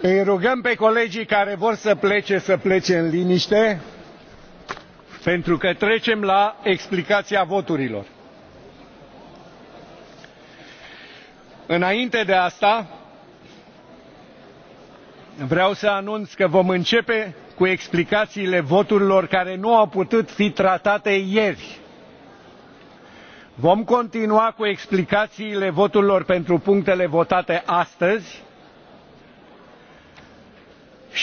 Îi rugăm pe colegii care vor să plece să plece în liniște, pentru că trecem la explicația voturilor. Înainte de asta, vreau să anunț că vom începe cu explicațiile voturilor care nu au putut fi tratate ieri. Vom continua cu explicațiile voturilor pentru punctele votate astăzi,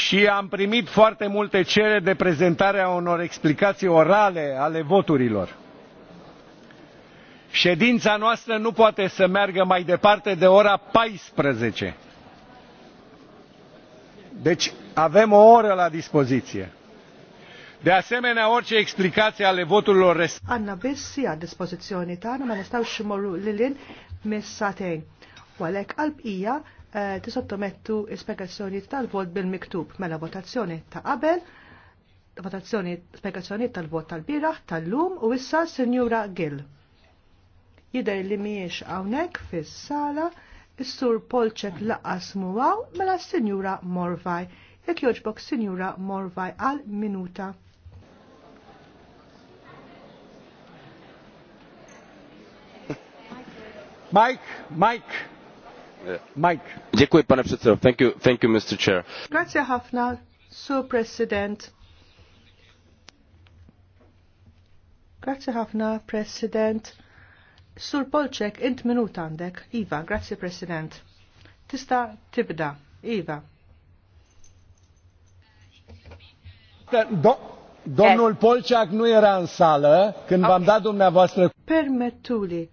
și am primit foarte multe cereri de prezentare a unor explicații orale ale voturilor. Ședința noastră nu poate să meargă mai departe de ora 14. Deci avem o oră la dispoziție. De asemenea, orice explicație ale voturilor rest... Anna a lilin Eh, tisottomettu spiegazzjoni tal-vot bil-miktub mela votazzjoni ta' qabel, votazzjoni spiegazzjoni tal-vot tal-biraħ, tal-lum u issa Sinjura Gill. Jidher li miex hawnhekk fis-sala, is-sur Polċek laqas muwaw mela Sinjura Morvaj. Jekk joġbok Sinjura Morvaj għal minuta. Mike, Mike. Uh, Mike. Dziękuję panie przewodniczący. Thank you, thank you Mr. Chair. Grazie Hafna, Sur President. Grazie Hafna, President. Sur Polċek, int minut għandek. Iva, grazie President. Tista tibda. Iva. Do, domnul eh. Polċak nu era în eh? când v-am dat dumneavoastră... Permetuli,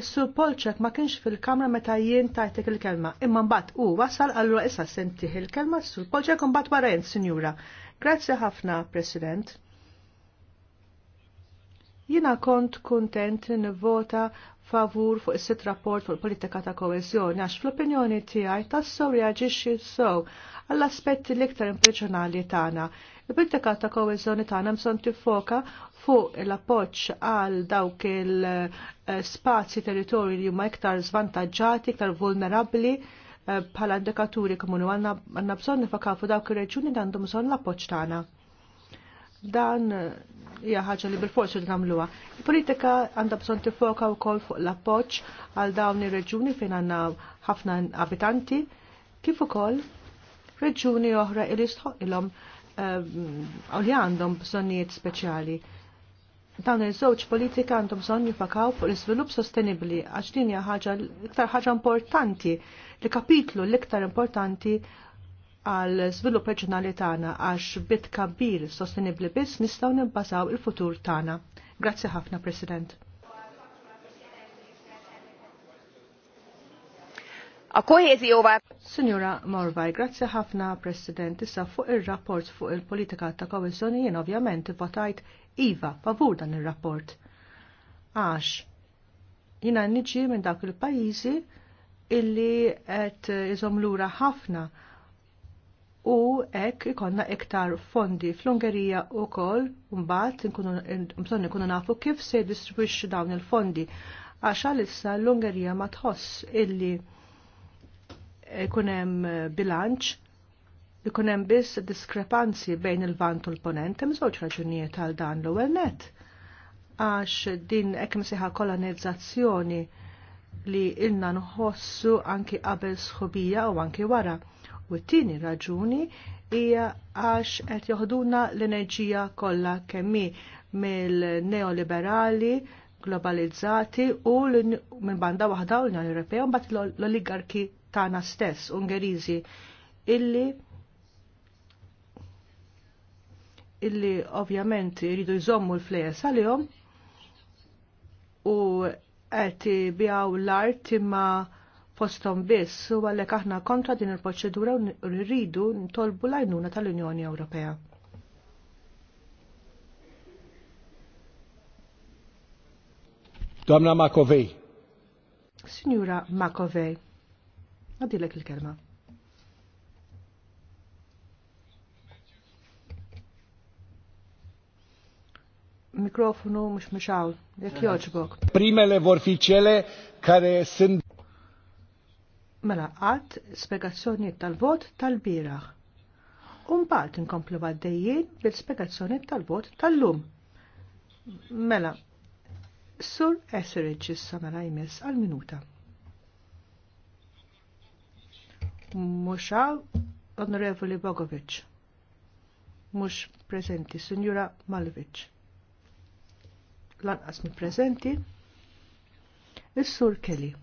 Is-sur Polċek ma kienx fil-kamra meta jien tajtek il-kelma, imma mbagħad u wasal allura issa sentih il-kelma s-sur Polċek u mbagħad wara jien, Sinjura. Grazzi ħafna, President. Jiena kont kuntent nivvota favur fuq is sit rapport fuq il-politika ta' koeżjoni għax fl-opinjoni tiegħi tassew reaġixxi sew għall-aspetti l-iktar impreċjonali tagħna Il-politika ta' koeżjoni tagħna bżonn tiffoka fuq l-appoġġ għal dawk il spazi territorju li huma iktar svantagġati, iktar vulnerabbli eh, bħala indikaturi komuni għanna bżon nifakaw fuq dawk ir-reġuni li għandhom bżonn l-appoġġ tagħna. Dan eh, hija ħaġa li bil-forsi li nagħmluha. Il-politika għandha bżonn tifoka wkoll fuq l-appoġġ għal dawn ir-reġuni fejn għandna ħafna abitanti, kif ukoll reġuni oħra li jistħoq ilhom u ehm, li għandhom bżonnijiet speċjali. Dawn iż-żewġ politika għandhom bżonn jifakaw fuq l-iżvilupp sostenibbli għax din hija ħaġa l-iktar ħaġa importanti li kapitlu l-iktar importanti għal żvilupp reġjonali tagħna għax bit kabbir sostenibbli biss nistgħu nibbażaw il-futur tagħna. Grazzi ħafna, President. A kohézióval... Signora Morvaj, grazzi ħafna, President, issa fuq il-rapport fuq il-politika ta' koheżjoni jien ovvjament votajt iva favur dan il-rapport. Għax, jina niġi minn dak il-pajizi illi qed iżom lura ħafna u ek ikonna iktar fondi fl-Ungerija u kol mbagħad bżonn ikunu nafu kif se distribwixxu dawn il-fondi għax għalissa l-Ungerija ma tħoss illi kunem eh, bilanċ ikun hemm biss diskrepanzi bejn il-vant u l-ponent hemm żewġ raġunijiet għal dan l-ewwel net. Għax din hekk siħa kolonizzazzjoni li ilna nħossu anki qabel sħubija u anki wara. U t-tieni raġuni hija għax qed joħduna l-enerġija kollha kemmi mill-neoliberali globalizzati u minn banda waħda l-Unjoni Ewropea u mbagħad l-oligarki Tana stess Ungeriżi illi illi ovvjament iridu jżommu l-flejes għalihom u qed bijaw l-art imma fostom biss u għalhekk aħna kontra din il-proċedura u rridu ntolbu l-għajnuna tal-Unjoni Ewropea. Domna Makovej. Signora Makovej. Għadilek il-kelma. Mikrofonu mux mxaw, jek joġbok. Primele vorficele kare sind. Mela għad spiegazzjoni tal-vot tal-biraħ. Umbalt inkomplu għaddejjien bil-spiegazzjoni tal-vot tal-lum. Mela, Sur Eserich issa mela jmiss għal-minuta. muxaw Onorevoli Bogovic. Mux prezenti, Signora Malovic. Lanqas mi prezenti. Is-Sur Kelly.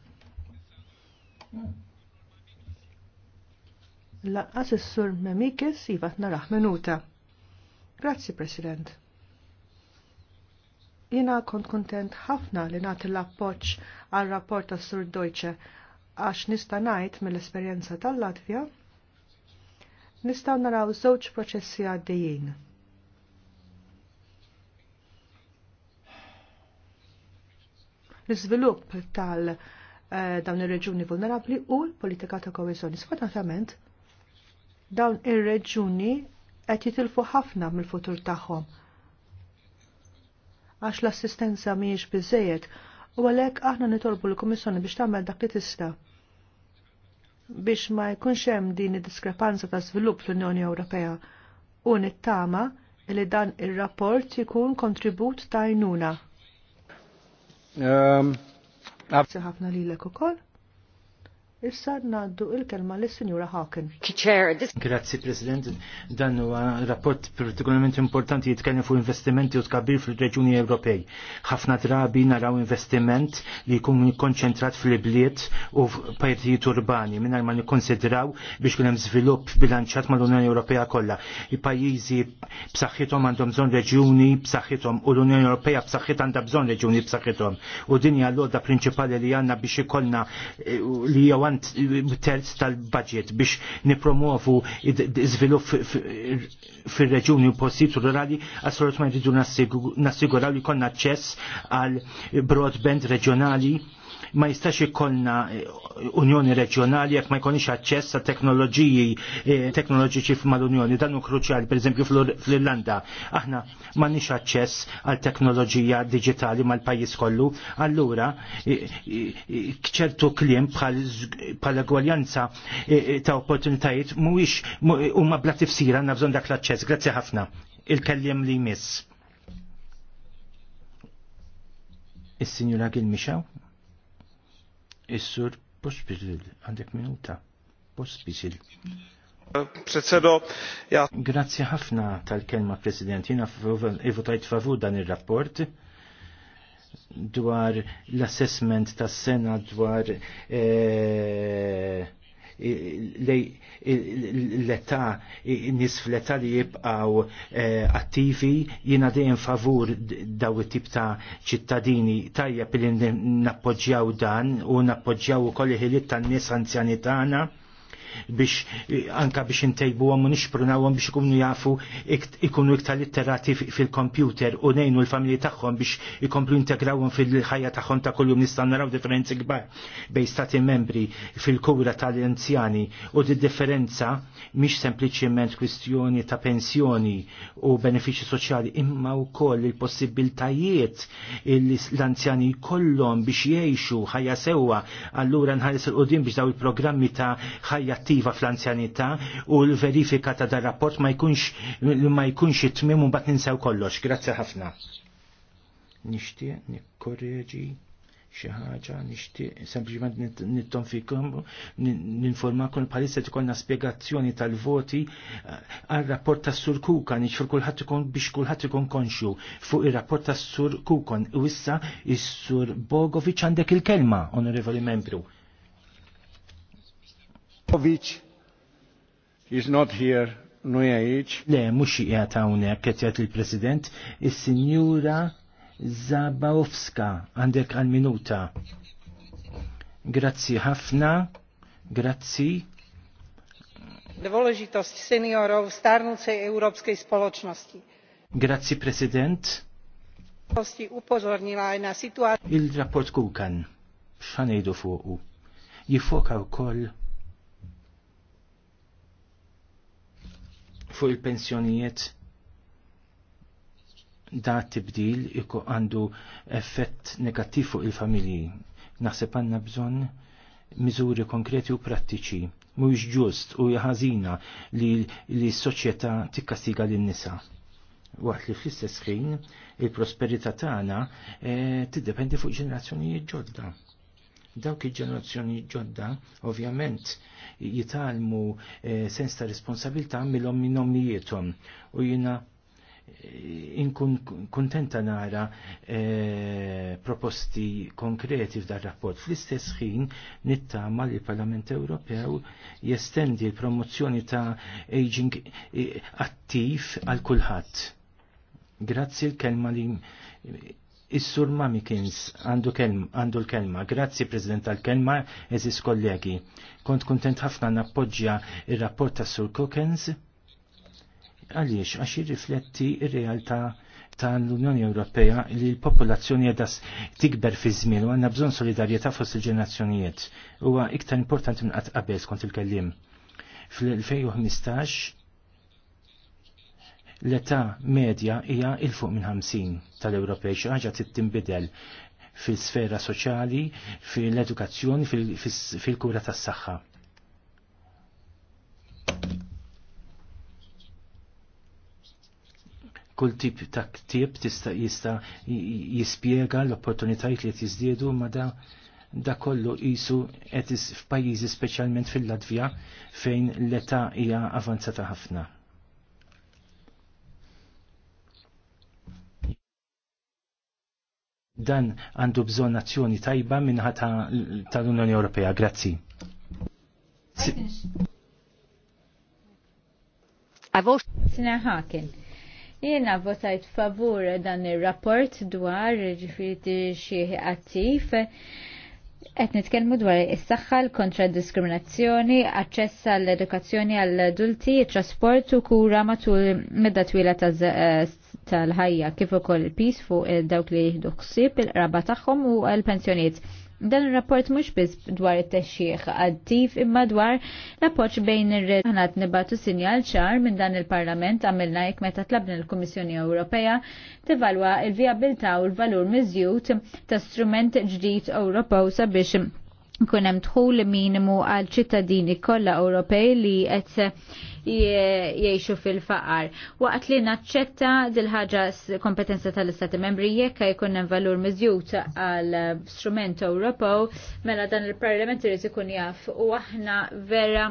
Lanqas is-Sur Memikis jivat tnarah minuta. Grazzi, President. Jina kont kontent ħafna li nagħti l-appoġġ għal rapport tas Sur Deutsche għax nista' ngħid mill-esperjenza tal-Latvja nistgħu naraw żewġ proċessi għaddejjin. L-iżvilupp tal- eh, dawn ir-reġuni vulnerabbli u l-politika ta' koesjoni. Sfortunatament, dawn ir-reġuni qed jitilfu ħafna mill-futur tagħhom. Għax l-assistenza mhijiex biżejjed u għalhekk aħna nitolbu l komissjoni biex tagħmel dak li tista' biex ma jkunx hemm din id-diskrepanza ta' żvilupp fl-Unjoni Ewropea u nittama li dan ir-rapport jkun kontribut ta' jnuna. Ehm, Grazzi ħafna lilek ukoll. Issa naddu il-kelma l sinjura Hawken. Grazzi, President. Dan huwa rapport partikolarment importanti jitkellem fuq investimenti u tkabbir fil-reġuni Ewropej. Ħafna drabi naraw investiment li jkun konċentrat fil-bliet u f'pajtijiet urbani mingħajr ma nikkonsidraw biex kien hemm żvilupp bilanċat mal-Unjoni Ewropea kollha. Il-pajjiżi b'saħħithom għandhom bżonn reġjuni b'saħħithom u l-Unjoni Ewropea b'saħħit għandha bżonn reġjuni b'saħħithom. U din hija l-għodda prinċipali li għandna biex ikollna eh, li jew kwant terz tal-budget biex nipromuovu iżvilupp fil-reġuni u postijiet rurali, assolutament rridu nassiguraw li konna ċess għal broadband reġjonali ma jistax ikollna eh, Unjoni Reġjonali jekk ma jkunx aċċess ta' teknoloġiji eh, teknoloġiċi mal-Unjoni dan hu kruċjali pereżempju fl-Irlanda. Aħna m'għandniex aċċess għal teknoloġija diġitali mal-pajjiż kollu, allura ċertu kliem bħal egwaljanza ta' opportunitajiet mhuwiex huma bla tifsira għandna bżonn dak l-aċċess. Grazzi ħafna. Il-kellem li jmiss. Is-Sinjura Gil Is-sur Pospisil, għandek minuta. Pospisil. Predsedo, ja. Grazzi ħafna tal-kelma, President. Jina votajt favur dan il-rapport dwar l-assessment tas sena dwar e l-età nis fl-età li jibqaw eh, attivi jina dejjem favur daw it-tip ta' ċittadini tajjeb li nappoġġjaw dan u nappoġġjaw ukoll il-ħiliet tan-nies anzjani tagħna biex anka biex intejbu għom nixprunawhom biex ikunu jafu ikunu iktar litterati fil-kompjuter u nejnu l-familji tagħhom biex ikomplu integrawhom fil-ħajja tagħhom ta' kuljum nistan naraw differenzi kbar bej stati membri fil-kura tal-anzjani u di differenza mhix sempliċement kwistjoni ta' pensjoni u benefiċi soċjali imma wkoll il-possibiltajiet l-anzjani kollom biex jgħixu ħajja sewwa allura nħalis il qodim biex daw il-programmi ta' ħajja attiva fl-anzjanità u l-verifika ta' dar rapport ma jkunx ma jkunx it-tmim u mbagħad ninsew kollox. Grazzi ħafna. Nixtieq nikkorreġi xi ħaġa nixtieq sempliċiment nittonfikom ninformakom bħalissa tkollna spjegazzjoni tal-voti eh, għal rapport tas-Sur Kukan ixfur kulħadd ikun biex kulħadd ikun konxju fuq ir-rapport tas-Sur Kukan u issa is-Sur Bogovic għandek il-kelma, Onorevoli Membru. Popovic is not here, No Nujajic. Le, mux jgħat għawnek, kħetjat il-President, il-Sinjura Zabawska, għandek għal-minuta. Grazzi ħafna, grazzi. Dôležitosť seniorov v starnúcej európskej spoločnosti. Grazzi, President. Upozornila aj na situáciu. Il-rapport Kukan, xanejdu fuqu, jifoka u koll fuq il-pensjonijiet da tibdil iku għandu effett negattiv fuq il-familji. Naħseb għanna bżon miżuri konkreti u prattiċi. Mhux ġust u jaħazina li s-soċjetà tikkastiga lin nisa Waqt li fl-istess ħin il-prosperità tagħna eh, tiddependi fuq ġenerazzjonijiet ġodda. Dawk il-ġenerazzjoni ġodda ovvjament jitalmu eh, sens ta' responsabilta mill-om minnomijietom u jina eh, inkun kontenta nara eh, proposti konkreti f'dar rapport. Fl-istess ħin nittama li l-Parlament Ewropew jestendi l-promozzjoni ta' aging eh, attiv għal kulħadd. Grazzi l-kelma li Is-sur Mamikins għandu l-kelma. Grazzi, President, tal-kelma, eżis kollegi. Kont kontent ħafna nappoġġja il-rapport ta' sur Cookens. Għaliex, għax jirrifletti ir-realtà tal-Unjoni Ewropea li l-popolazzjoni għedha tikber fi żmien u għandna bżonn solidarjetà fost il-ġenerazzjonijiet. Huwa iktar importanti minn qatt qabel skont il-kellim. Fl-2015 l-età medja hija il fuq minn 50 tal-Ewropej xi ħaġa trid tinbidel fil-sfera soċjali, fil-edukazzjoni, fil-kura tas-saħħa. kull tip ta' ktieb tista' jista' jispjega l-opportunitajiet li qed jiżdiedu ma da' da kollu jisu etis f'pajjiżi speċjalment fil-Latvja fejn l-età hija avanzata ħafna. Dan għandu bżon azzjoni tajba minnħa tal-Unjoni Ewropea. Grazzi. Sina Haken. Jena votajt favur dan il-rapport dwar ġifiri xieħi attiv. Qed nitkellmu dwar is-saħħa kontra d diskriminazzjoni, aċċess għall edukazzjoni għall adulti, trasport u kura matul medda twila ta' eh, tal-ħajja kif ukoll il-pis fuq eh, dawk li jieħdu ħsieb il-qraba tagħhom u l-pensjoniet. Dan ir-rapport mhux biss dwar it-texxieħ attiv imma dwar l-appoġġ bejn ir-red aħna nibatu sinjal ċar minn dan il-Parlament għamilna jekk meta tlabna l-Kummissjoni Ewropea tevalwa l-vijabilità u l-valur miżjud ta' strument ġdid Ewropew sabiex nkun hemm dħul minimu għal ċittadini kollha Ewropej li qed jgħixu fil-faqar. Waqt li naċċetta dil-ħaġa kompetenza tal-Istati membri jekk jkun hemm valur miżjut għal strument Ewropew, mela dan il-Parlament irid ikun jaf u aħna vera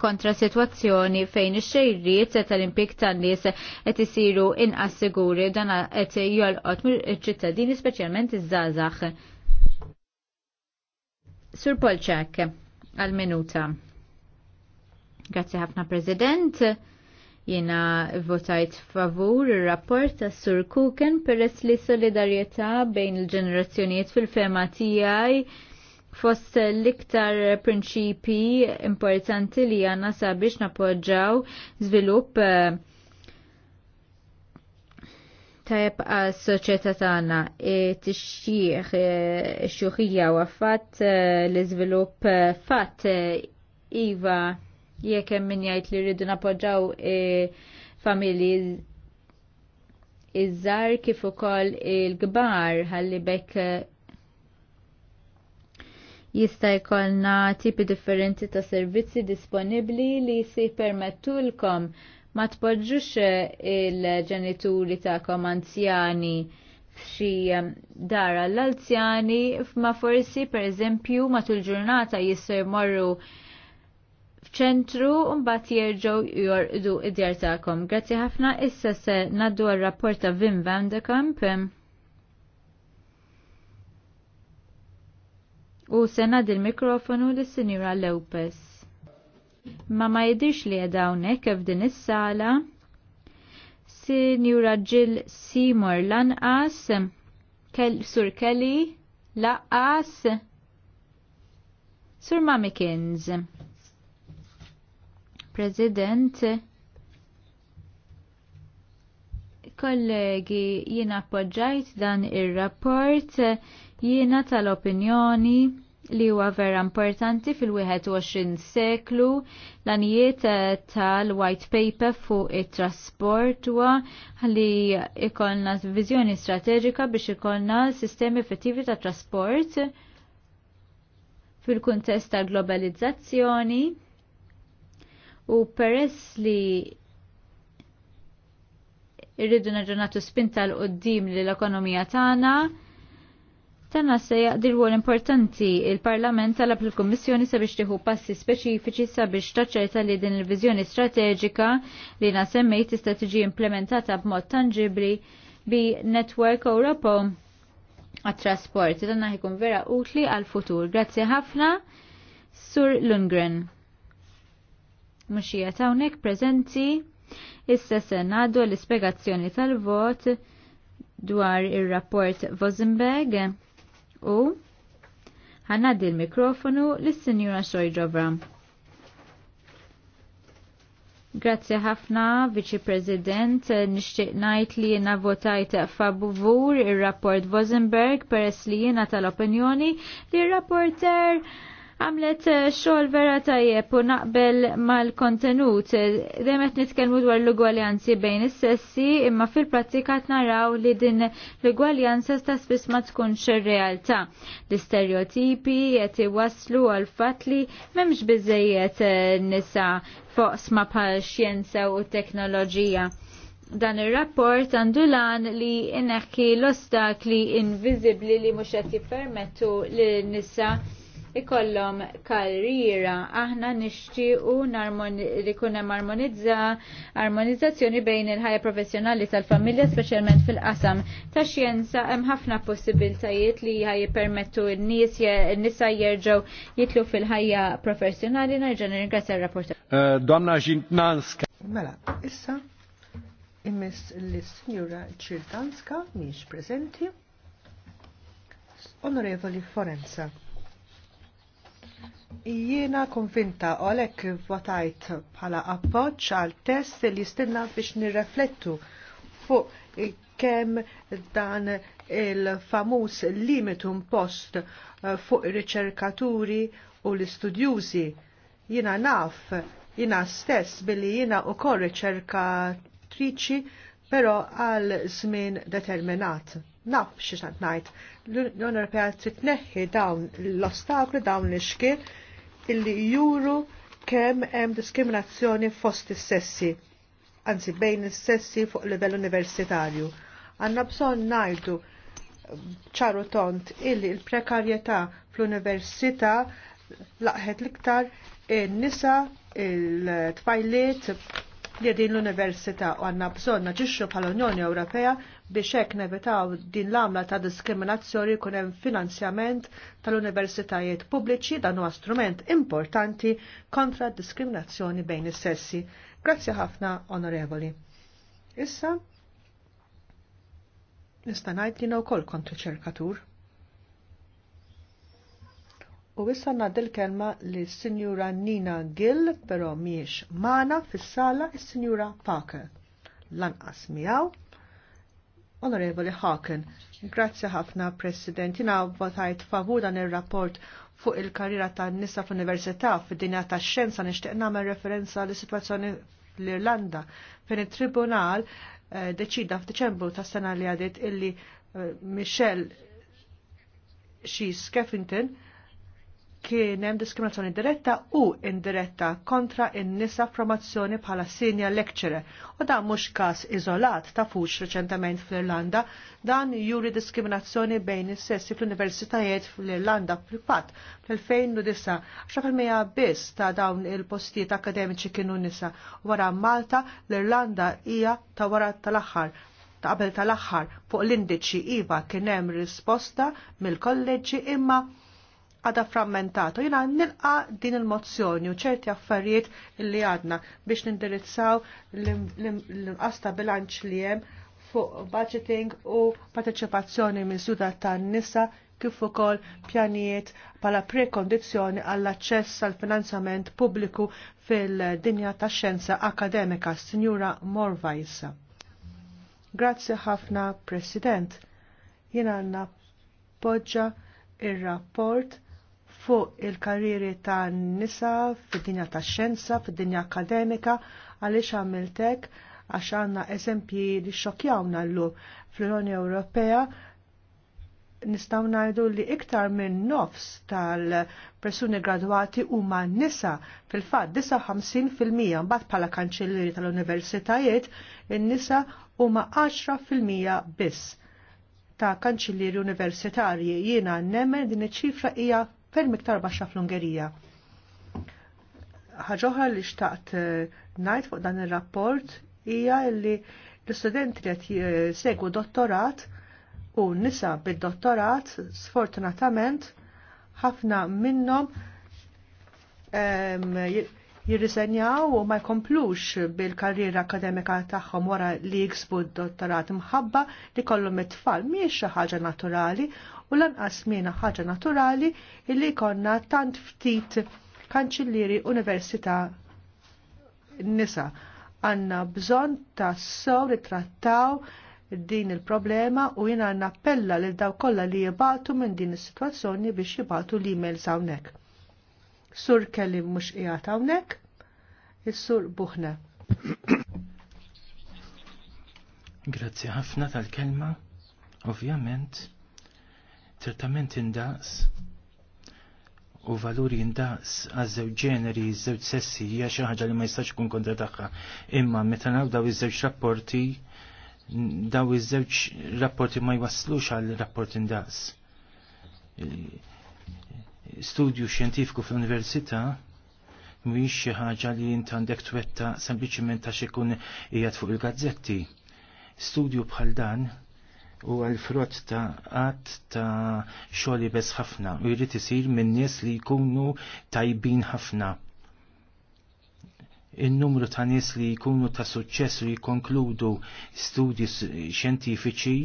kontra situazzjoni fejn ix-xejriet tal-impik tan-nies qed isiru inqas siguri dan qed jolqot mill-ċittadini speċjalment iż-żgħażagħ Sur Polczak, għal-minuta. Grazie ħafna, President. Jena votajt favur il-rapport ta' Sur Kuken peress li solidarieta bejn il-ġenerazzjoniet fil-fema tijaj fost l-iktar principi importanti li għanna sabiex napoġġaw zvilup uh, eh, tajab għal soċieta tagħna e, xieħ e, xuħija u għaffat e, l-iżvilupp fat iva jekk hemm min jgħid li rridu napoġġaw familji iż-żar kif ukoll il-kbar ħalli bekk jista' jkollna tipi differenti ta' servizzi disponibbli li si permettulkom ma tpoġġux eh, il-ġenituri ta'kom anzjani f'xi eh, dar l-anzjani ma forsi per eżempju matul ġurnata jisser morru f'ċentru mbagħad jerġgħu jorqdu id-djar tagħkom. Grazzi ħafna issa se ngħaddu r rapport ta' Wim van de Kamp. U se il mikrofonu lis-Sinjura Lopez ma ma jidirx li għedawnek f'din is-sala. Sinjura Jill Seymour lanqas, Kel Sur Kelly laqas, Sur Mamikins. President, kollegi jina appoġġajt dan ir-rapport jiena tal-opinjoni li huwa vera importanti fil-21 seklu l-anijiet eh, tal-White Paper fuq it-trasport huwa li ikonna viżjoni strateġika biex ikonna sistemi effettivi ta' trasport fil-kuntest ta' globalizzazzjoni u peress li irridu naġunatu spinta l-qoddim l-ekonomija tagħna Tanna se jaqdir għol importanti il-Parlament talab l-Kommissjoni sabiex tieħu passi speċifiċi sabiex taċċerta li din il vizjoni strateġika li nasemmejt tista' tiġi implementata b'mod tangibli bi Network Europa għat-trasport. Tanna ħikun vera utli għal-futur. Grazzi ħafna, Sur Lundgren. Muxija tawnek prezenti, issa senadu l ispegazzjoni tal-vot dwar il-rapport Vosenberg u ħannaddi l-mikrofonu lis-Sinjura Sojdrova. Grazzi ħafna, Viċi President, nixtieq ngħid li jena votajt favur ir-rapport Vosenberg peress li jiena tal-opinjoni li il rapporter għamlet eh, xogħol vera tajjeb u naqbel mal-kontenut. Dejjem qed nitkellmu dwar l-ugwaljanzi bejn is-sessi, imma fil-prattika naraw li din l-ugwaljanza sta spiss ma tkunx ir-realtà. L-istereotipi qed iwasslu għal fatt li m'hemmx biżejjed eh, nisa sma bħal xjenza u teknoloġija dan ir-rapport għandu lan li inneħki l-ostakli invizibli li mhux qed jippermettu lin nisa ikollom karriera. Aħna nixtiequ li jkun hemm armonizzazzjoni bejn il-ħajja professjonali tal-familja speċjalment fil-qasam. Ta' xjenza hemm ħafna possibiltajiet li jippermettu n-nies n-nisa jerġgħu jitlu fil-ħajja professjonali nerġa' nirringrazzja r-rapporter. Eh, Donna Ġintnanska. Mela, issa immiss l-Sinjura Ċirtanska miex preżenti. Onorevoli Forenza. Jiena konvinta u għalek votajt bħala appoċ għal test li stinna biex nirreflettu fuq kem dan il-famus limitum post eh, fuq riċerkaturi u l-istudjuzi. Jiena naf, jiena stess billi jiena u kol riċerkatriċi pero għal żmien determinat naf xiex najt. L-Unjoni Ewropea trid tneħħi dawn l-ostakli, dawn l-xkil illi juru kemm hemm diskriminazzjoni fost is-sessi, anzi bejn is-sessi fuq livell universitarju. Għandna bżonn ngħidu ċaru tont illi l-prekarjetà fl-università laqħet l-iktar in-nisa, il-tfajliet, li din l-Università u għanna bżonna ġiċu bħal-Unjoni Ewropea biex hekk nevitaw din l-għamla ta' diskriminazzjoni kun hemm finanzjament tal-universitajiet pubbliċi dan huwa strument importanti kontra d diskriminazzjoni bejn is-sessi. Grazzi ħafna, onorevoli. Issa, nista' ngħid li wkoll kont riċerkatur. U issa ngħaddi l-kelma li sinjura Nina Gill, però miex mana fis-sala s sinjura Parker. Lanqas miegħu. Onorevoli Hawken, grazzi ħafna President, jina votajt favur dan ir-rapport fuq il-karriera tan nisa f'università fid-dinja tax-xjenza nixtieq nagħmel referenza li situazzjoni fl-Irlanda fejn it-Tribunal eh, deċida f'Diċembru tas-sena li għadiet illi eh, Michelle Shees Skeffington kien hemm diskriminazzjoni diretta u indiretta kontra in-nisa formazzjoni bħala senior lecturer u dan mhux każ iżolat ta' fux reċentament fl-Irlanda dan juri diskriminazzjoni bejn is-sessi fl-universitajiet fl-Irlanda privat fl-2009 10% biss ta' dawn il-postijiet akademiċi kienu nisa wara Malta l-Irlanda hija ta' wara tal-aħħar ta' qabel tal-aħħar fuq l-indiċi iva kien hemm risposta mill-kolleġġi imma għada frammentato. Jina nilqa din il-mozzjoni u ċerti affarijiet li għadna biex nindirizzaw l asta bilanċ li jem fuq budgeting u partecipazzjoni suda tan nisa kif ukoll pjanijiet bħala prekondizzjoni għall aċċess għal finanzjament pubbliku fil-dinja tax xjenza akademika, Sinjura Morvajsa. Grazzi ħafna, President. Jina għanna poġġa ir-rapport fuq il-karriri ta' nisa fid-dinja ta' xenza, fid-dinja akademika, għaliex għamiltek għax għanna eżempji li xokjawna l fl-Unjoni Ewropea nistaw najdu li iktar minn nofs tal-persuni graduati huma nisa fil-fatt 59% mbagħad bħala kanċelleri tal-universitajiet in-nisa huma 10% biss ta' kanċelleri universitarji jiena nemmen din iċ-ċifra hija ferm iktar baxxa fl-Ungerija. Ħaġoħra li xtaqt eh, ngħid fuq dan ir-rapport hija li l-istudenti li qed segwu dottorat u nisa bid-dottorat sfortunatament ħafna minnhom ehm, jirriżenjaw u ma jkomplux bil-karriera akademika tagħhom wara li jiksbu d-dottorat mħabba li kollhom it-tfal mhijiex xi ħaġa naturali u lanqas mina ħaġa naturali illi konna tant ftit kanċillieri università nisa. Għanna bżon ta' sow li trattaw din il-problema u jina nappella lil daw kollha li jibatu minn din is-sitwazzjoni biex jibatu l-emails hawnhekk. Sur kelli mhux qiegħed hawnhekk, is-sur Buħna. Grazzi ħafna tal-kelma. Ovvjament, trattament indaqs u valuri indaqs għaż-żewġ ġeneri, żewġ sessi hija xi ħaġa li ma jistax ikun kontra tagħha. Imma meta naraw daw iż-żewġ rapporti daw iż-żewġ rapporti ma jwasslux għal rapport indaqs. Studju xjentifiku fl-università mhuwiex xi ħaġa li int għandek twetta sempliċiment għax ikun qiegħed fuq il-gazzetti. Studju bħal dan u għal-frott ta' għat ta' xoli bez ħafna u jrid isir minn nies li jkunu tajbin ħafna. Il-numru ta' nies li jkunu ta' suċċess u jikonkludu studji xjentifiċi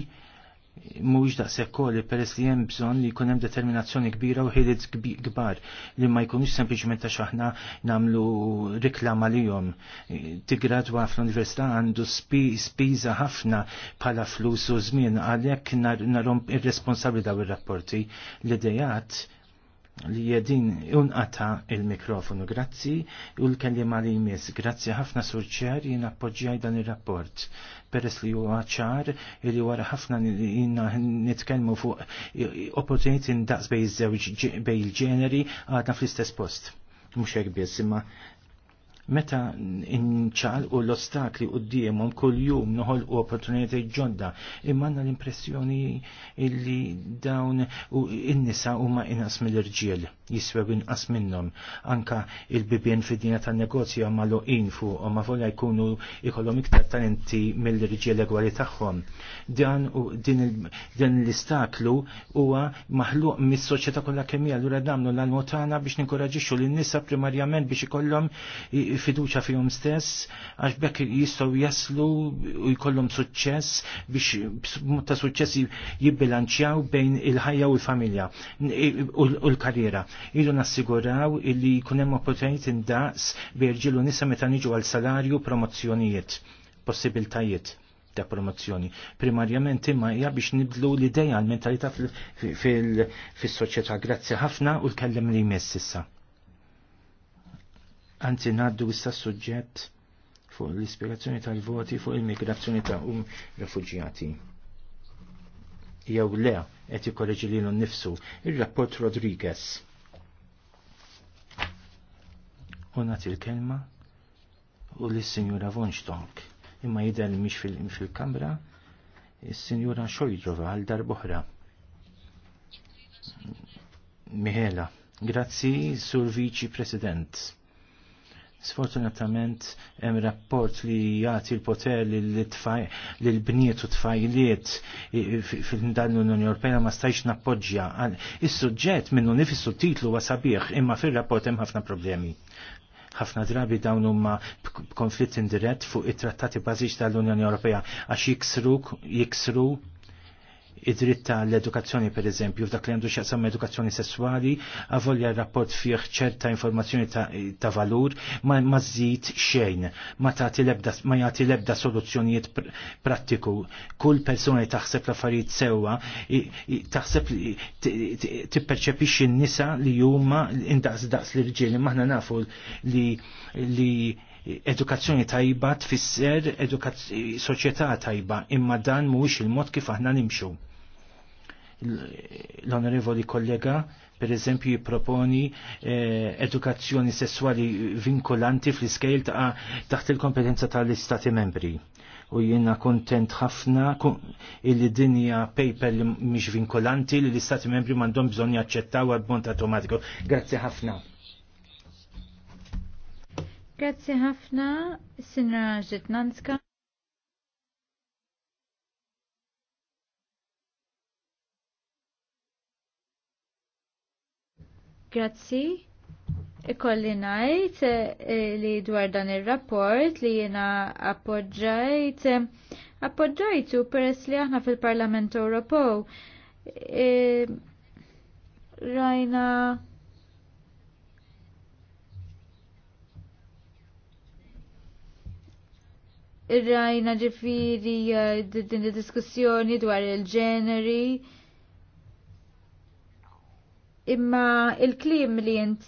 mhuwiex daqshekk li peress li hemm bżonn li jkun hemm determinazzjoni kbira u ħiliet kbar li ma jkunux sempliċement għax aħna nagħmlu riklama lihom. E, Tigradwa fl-università għandu spiża ħafna bħala flus u żmien għalhekk narhom irresponsabbli daw ir-rapporti l-idejat li jedin unqata il-mikrofonu. Grazzi u l-kellima li jmiss. Grazzi ħafna surċer jien appoġġjaj dan il-rapport. Peress li huwa ċar li wara ħafna jina nitkellmu fuq opportunity ndaqs bej iż-żewġ bej il-ġeneri għadna fl-istess post. Mhux hekk biss imma meta inċal u l-ostakli u d-diemum kull jum noħol u opportunità ġodda imman l-impressjoni illi dawn u innisa u ma inqas mill-irġiel jiswew inqas minnhom anka il-bibien fid-dinja tan-negozju ma infu u ma volja jkunu ikollhom iktar talenti mill-irġiel egwali tagħhom. Dan u din l-istaklu huwa maħluq mis-soċjetà kollha kemm hija allura damnu l-almotana biex ninkoraġixxu lin-nisa primarjament biex ikollhom fiduċa fihom stess għax bekk jistgħu jaslu u jkollhom suċċess biex ta' suċċess jibbilanċjaw bejn il-ħajja u l-familja u l-karriera. Ilu nassiguraw illi jkun hemm opportunitajiet indaqs bejn nisa meta niġu għal salarju promozzjonijiet, possibiltajiet ta' promozzjoni. Primarjament imma hija biex nibdlu l-ideja għal mentalità fis-soċjetà. Grazzi ħafna u l-kellem li jmiss issa. Anzi naddu issa suġġett fuq l-ispirazzjoni tal-voti fuq il-migrazzjoni ta' um refugjati. Jew le, qed jikkoreġi lilu nnifsu, ir-rapport Rodriguez. U il-kelma u lis-Sinjura Von Stonk. Imma jidher li fil-kamra, il sinjura Xojdrova għal darb'oħra. Mihela, grazzi sur Vici President. Sfortunatament hemm rapport li jagħti l-poter li l bniet u tfajliet fil-dan l-Unjoni Ewropea ma stajx nappoġġja. Is-suġġett minnu nifissu titlu huwa imma fir-rapport hemm ħafna problemi ħafna drabi dawn huma konflitt indirett fuq it-trattati bażiċ tal-Unjoni Ewropea għax jiksru jiksru id-dritt tal-edukazzjoni per eżempju, f'dak li għandu xaqsam edukazzjoni sessuali, għavolja rapport fih ċerta informazzjoni ta', ta valur, ma, ma zid xejn, ma tagħti lebda, ma jagħti lebda soluzzjonijiet pr prattiku. Kull persona taħseb l-affarijiet sewwa, taħseb tipperċepixxi n-nisa li huma indaqs daqs l-irġiel, maħna nafu li li edukazzjoni tajba tfisser soċjetà tajba imma dan mhuwiex il-mod kif aħna nimxu l-onorevoli kollega per eżempju jiproponi eh, edukazzjoni sessuali vinkolanti fl-iskejl taħt il-kompetenza tal-istati membri. U jiena kontent ħafna illi dinja paper li mhix vinkolanti li l-istati membri m'għandhom bżonn jaċċettaw għad-bont automatiku. Grazzi ħafna. Grazzi ħafna, Sinra Ġetnanska. Grazzi. Ikolli najt eh, li dwar dan il-rapport li jena appoġġajt appoġġajtu peress li aħna fil-Parlament Ewropew. Eh, rajna rajna ġifiri eh, din diskussjoni dwar il-ġeneri imma il-klim li jint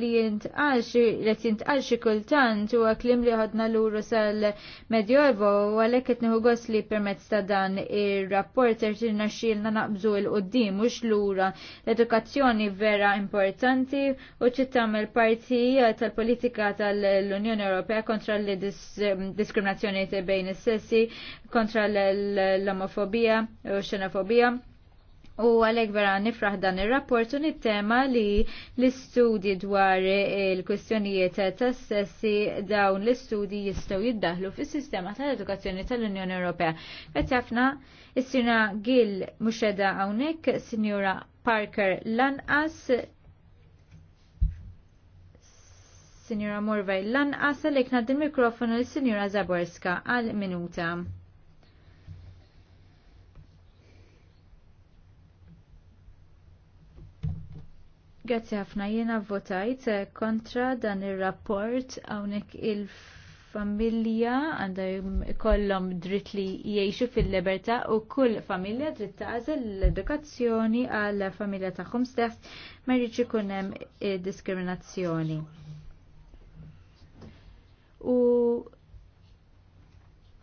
li jint għalxi li jint għalxi kultant huwa għaklim li ħodna l-uru sal-medjoevo u għalek etniħu gos li permezz ta' dan ir-rapport irġina xilna naqbżu il-qoddim u xlura l-edukazzjoni vera importanti u il parti tal-politika tal-Unjoni Ewropea kontra l-diskriminazzjoni bejn is-sessi kontra l-omofobija u xenofobija U għalek vera nifraħ dan il-rapport un it-tema li l-istudji dwar il-kwestjonijiet ta' sessi dawn l-istudji jistaw jiddaħlu fis sistema tal-edukazzjoni tal-Unjoni Ewropea. Għetjafna, is-sina Gil Muxeda għawnek, Signora Parker Lanqas, sinjora Morvaj Lanqas, għalek nad il-mikrofonu l-Signora Zaborska għal-minuta. Grazzi ħafna jiena votajt eh, kontra dan ir-rapport hawnhekk il-familja għandha jkollhom dritt li jgħixu fil-libertà u kull familja dritt tagħżel l-edukazzjoni għal familja tagħhom stess ma jridx ikun hemm eh, diskriminazzjoni. U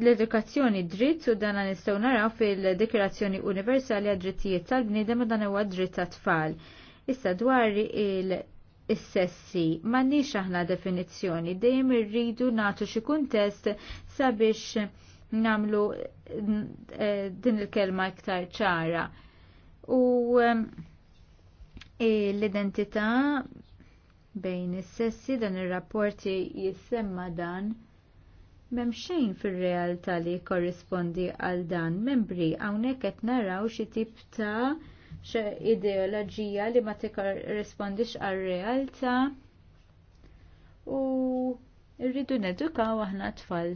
l-edukazzjoni dritt u dan nistgħu naraw fil-Dikirazzjoni Universali għad-Drittijiet tal-Bniedem u dan huwa dritt tat-tfal. Issa dwar il- is-sessi m'għandniex aħna definizzjoni, dejjem irridu nagħtu xi kuntest sabiex nagħmlu eh, din il-kelma iktar ċara. U ehm, l-identità bejn is-sessi dan ir-rapporti jissemma dan m'hemm xejn fir-realtà li korrispondi għal dan membri hawnhekk qed naraw xi tip ta' ideoloġija li ma tikkorrispondix għar-realtà u rridu nedukaw aħna tfal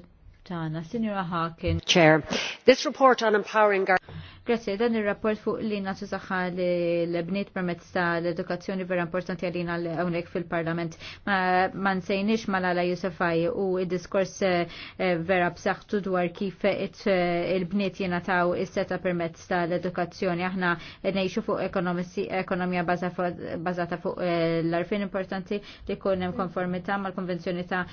tagħna, Sinjora Hawkins. Chair, this report on empowering Grazie, dan il-rapport fuq li natu saħħa li l-bnit permezz ta' l-edukazzjoni vera importanti għalina għonek fil-parlament. Ma nsejnix ma l-għala Jusufaj u il-diskors eh, eh, vera b'saħħtu dwar kif eh, il-bnit jena taw is-seta permezz ta' l-edukazzjoni. Aħna nejxu fuq ekonomija bazata fuq l-arfin importanti li kunem konformita mal-konvenzjoni ta'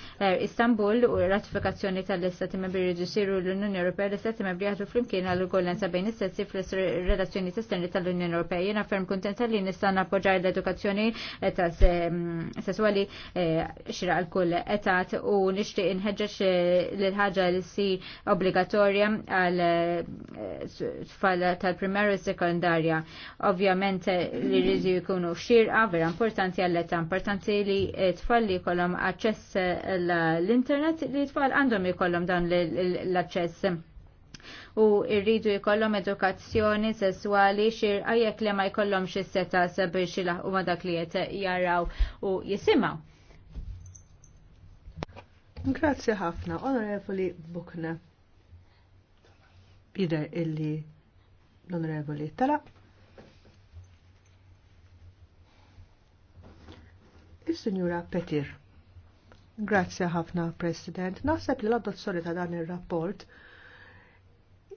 Istanbul u ratifikazzjoni tal-istati membri reġisiru l-Unjoni Ewropea l-istati membri għadu flimkien għal-ugolenza bejn istati Ministri fil-relazzjoni esterni tal-Unjoni Ewropea. Jena ferm kontenta li nista' nappoġġar l-edukazzjoni eh, tas mm, sesswali eh, xira għal kull etat u nixtieq inħeġġeġ eh, l-ħaġa li si obbligatorja għal tfal tal-primarju u e sekondarja. Ovvjament li rridu jkunu xirqa vera importanti għall età importanti li tfal li jkollhom aċċess l-internet li tfal għandhom jkollhom dan l-aċċess u irridu jkollhom edukazzjoni sesswali xirqa jekk li ma jkollhom xi seta sabiex jilaħqu ma dak li qed jaraw u jisimgħu. Grazzi ħafna, onorevoli Bukna. Bider illi l-onorevoli tala. Is-Sinjura Petir. Grazzi ħafna, President. Naħseb li l-adozzjoni ta' dan ir rapport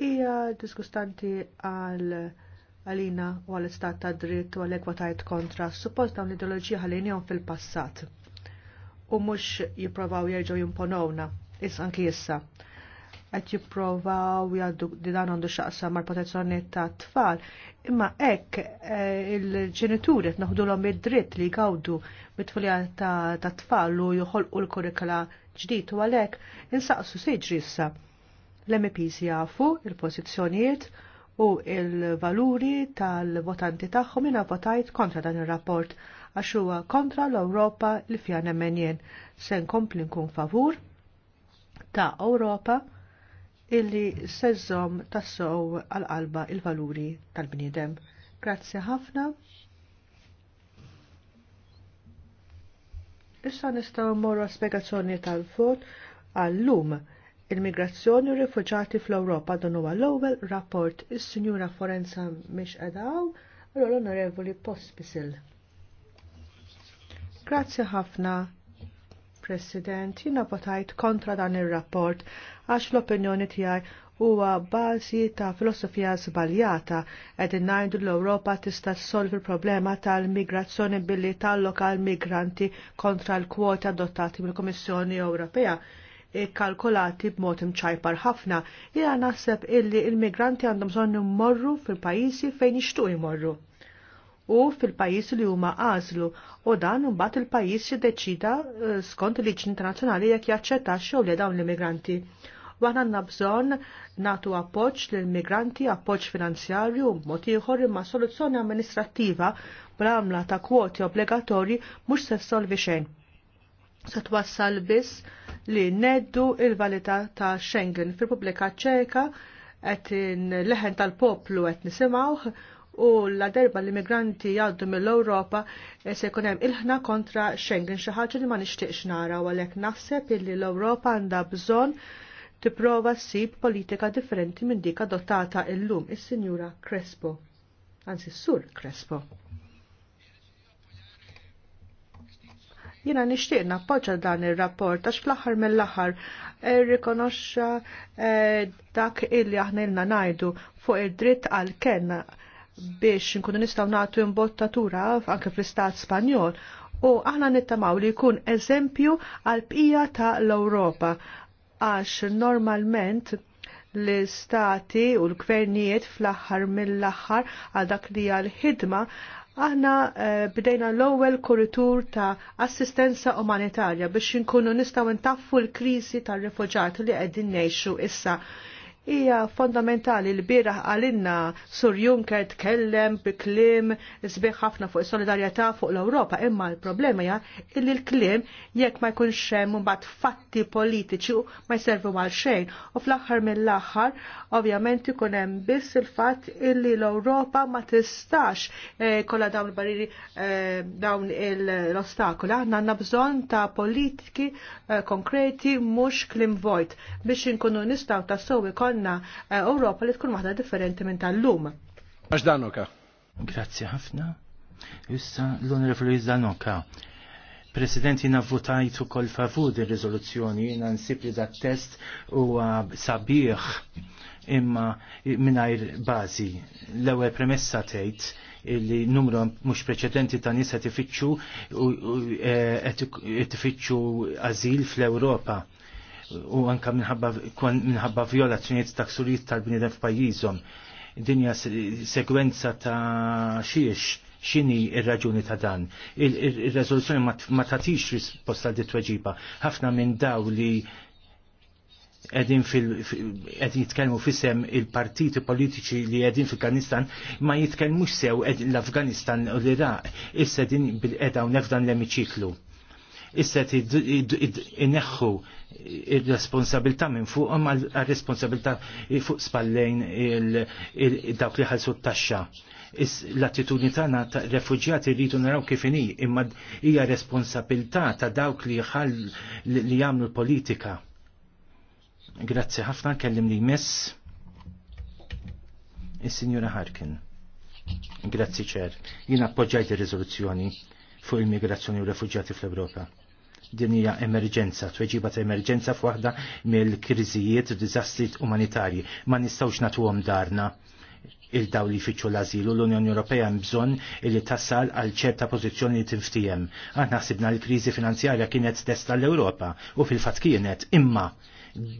hija diskustanti għal għalina u għal istat ta' dritt u għal ekwatajt kontra suppost dawn l-ideologija ħalinjom fil-passat u mux jiprovaw jirġu jimponowna is anki jissa għet jiprovaw jaddu didan għandu xaqsa mar protezzjoni ta' tfal imma ek eh, il-ġenituri naħdu l-om id-dritt li għawdu mitfulja ta' tfal u juħolqu l-kurikula ġdijt u għalek insaqsu sejġri jissa L-MPs jafu il pożizzjonijiet u il-valuri tal-votanti tagħhom jiena votajt kontra dan ir-rapport għax huwa kontra l-Ewropa li fija nemmenjen se nkompli nkun favur ta' Ewropa illi sezzom tassow għal-qalba il-valuri tal-bniedem. Grazzi ħafna. Issa nistgħu mmorru spjegazzjoni tal-vot għall-lum il-migrazzjoni u rifuġati fl-Ewropa dan huwa l-ewwel rapport is-Sinjura Forenza mhix qedaw l-Onorevoli Pospisil. Grazzi ħafna, President, jina votajt kontra dan ir-rapport għax l-opinjoni tiegħi huwa bażi ta' filosofija żbaljata qed ngħidu l-Ewropa tista' solvi l-problema tal-migrazzjoni billi tal-lokal migranti kontra l kwota adottati mill-Kummissjoni Ewropea kalkolati b'mod imċajpar ħafna. Jena naħseb illi il-migranti għandhom bżonn immorru fil-pajjiżi fejn jixtuq imorru u fil pajjiżi li huma għażlu u dan imbagħad il-pajjiż jiddeċida eh, skont il-liġi internazzjonali jekk jaċċettax jew dawn l-immigranti. U aħna għandna bżonn nagħtu appoġġ lill-migranti appoġġ finanzjarju b'mod ieħor imma soluzzjoni amministrattiva bl-għamla ta' kwoti obbligatorji mhux se solvi xejn. Se twassal biss li neddu il-valita ta' Schengen fil publika Ċeka qed leħen tal-poplu qed nisimawħ u la derba l-immigranti jgħaddu mill-Ewropa eh, se jkun hemm ilħna kontra Schengen xi ħaġa li ma nixtieqx nara u għalhekk naħseb illi l-Ewropa għandha bżonn tipprova ssib politika differenti minn dik adottata illum is-Sinjura Crespo. Anzi, Sur Crespo. jina nishtiq nappoġġa dan ir-rapport għax fl-aħħar mill-aħħar eh, rikonoxxa eh, dak illi aħna ilna ngħidu fuq id-dritt għal kenna biex nkunu nistgħu nagħtu imbottatura anke fl-Istat Spanjol u aħna nittamaw li jkun eżempju għal bqija ta' l-Ewropa għax normalment l-istati u l-gvernijiet fl-aħħar mill-aħħar għal dak li għal ħidma Aħna eh, bdejna l-ewwel kuritur ta' assistenza umanitarja biex inkunu nistgħu ntaffu l-kriżi tar-refuġjati li qegħdin ngħixu issa hija fondamentali l bira għalinna Sur Juncker tkellem bi klim sbieħ ħafna fuq solidarjetà fuq l-Ewropa, imma l-problema hija illi l-klim jekk ma jkunx hemm imbagħad fatti politiċi ma jservu għal xejn. U fl-aħħar mill-aħħar ovvjament ikun hemm biss il-fatt illi l-Ewropa ma tistax eh, kollha dawn il-barriri eh, dawn l-ostakoli. Aħna għandna bżonn ta' politiki eh, konkreti mhux klim vojt biex inkunu nistgħu tassew ikoll għanna eh, Ewropa li tkun waħda differenti minn tal-lum. Għax danoka. Grazzi ħafna. Issa l-Onorevoli Zanoka. Presidenti navvutajt votajt u kol favur di rizoluzzjoni, jina nsib li dat test u sabiħ imma minnajr bazi. L-ewel premessa tejt li numru mux preċedenti ta' nisa tifittxu u tifittxu eh, azil fl-Europa u anka minħabba violazzjoniet ta' ksurijiet tal-bniedem f'pajjiżhom. Dinja sekwenza ta' xiex xini ir-raġuni ta' dan. Ir-rezoluzzjoni ma tatix risposta di tweġiba. Ħafna minn daw li edin jitkelmu jitkellmu fisem il-partiti politiċi li edin fil-Afganistan ma jitkellmux sew l-Afganistan u l-Iraq issa din bil edaw nefdan l-emiċiklu isset inneħħu il-responsabilità minn fuq ma l-responsabilta fuq spallejn dawk li ħalsu t-taxxa. L-attitudni tagħna ta' refuġjati rridu naraw kif inhi, imma hija responsabilità ta' dawk li ħall li jagħmlu politika. Grazzi ħafna kellim li jmiss is-Sinjura Harkin. Grazzi ċer. Jien appoġġajt ir-riżoluzzjoni fuq il-migrazzjoni u refugjati fl-Ewropa. Din hija emerġenza, tweġiba ta' emerġenza f'waħda mill-kriżijiet u diżastri umanitarji. Ma nistgħux nagħtuhom darna il-daw li fiċu l-azilu l-Unjoni Ewropea bżonn li tassal għal ċerta pożizzjoni li tinftijem. Aħna ħsibna l-kriżi finanzjarja kienet testa l-Ewropa u fil-fatt kienet imma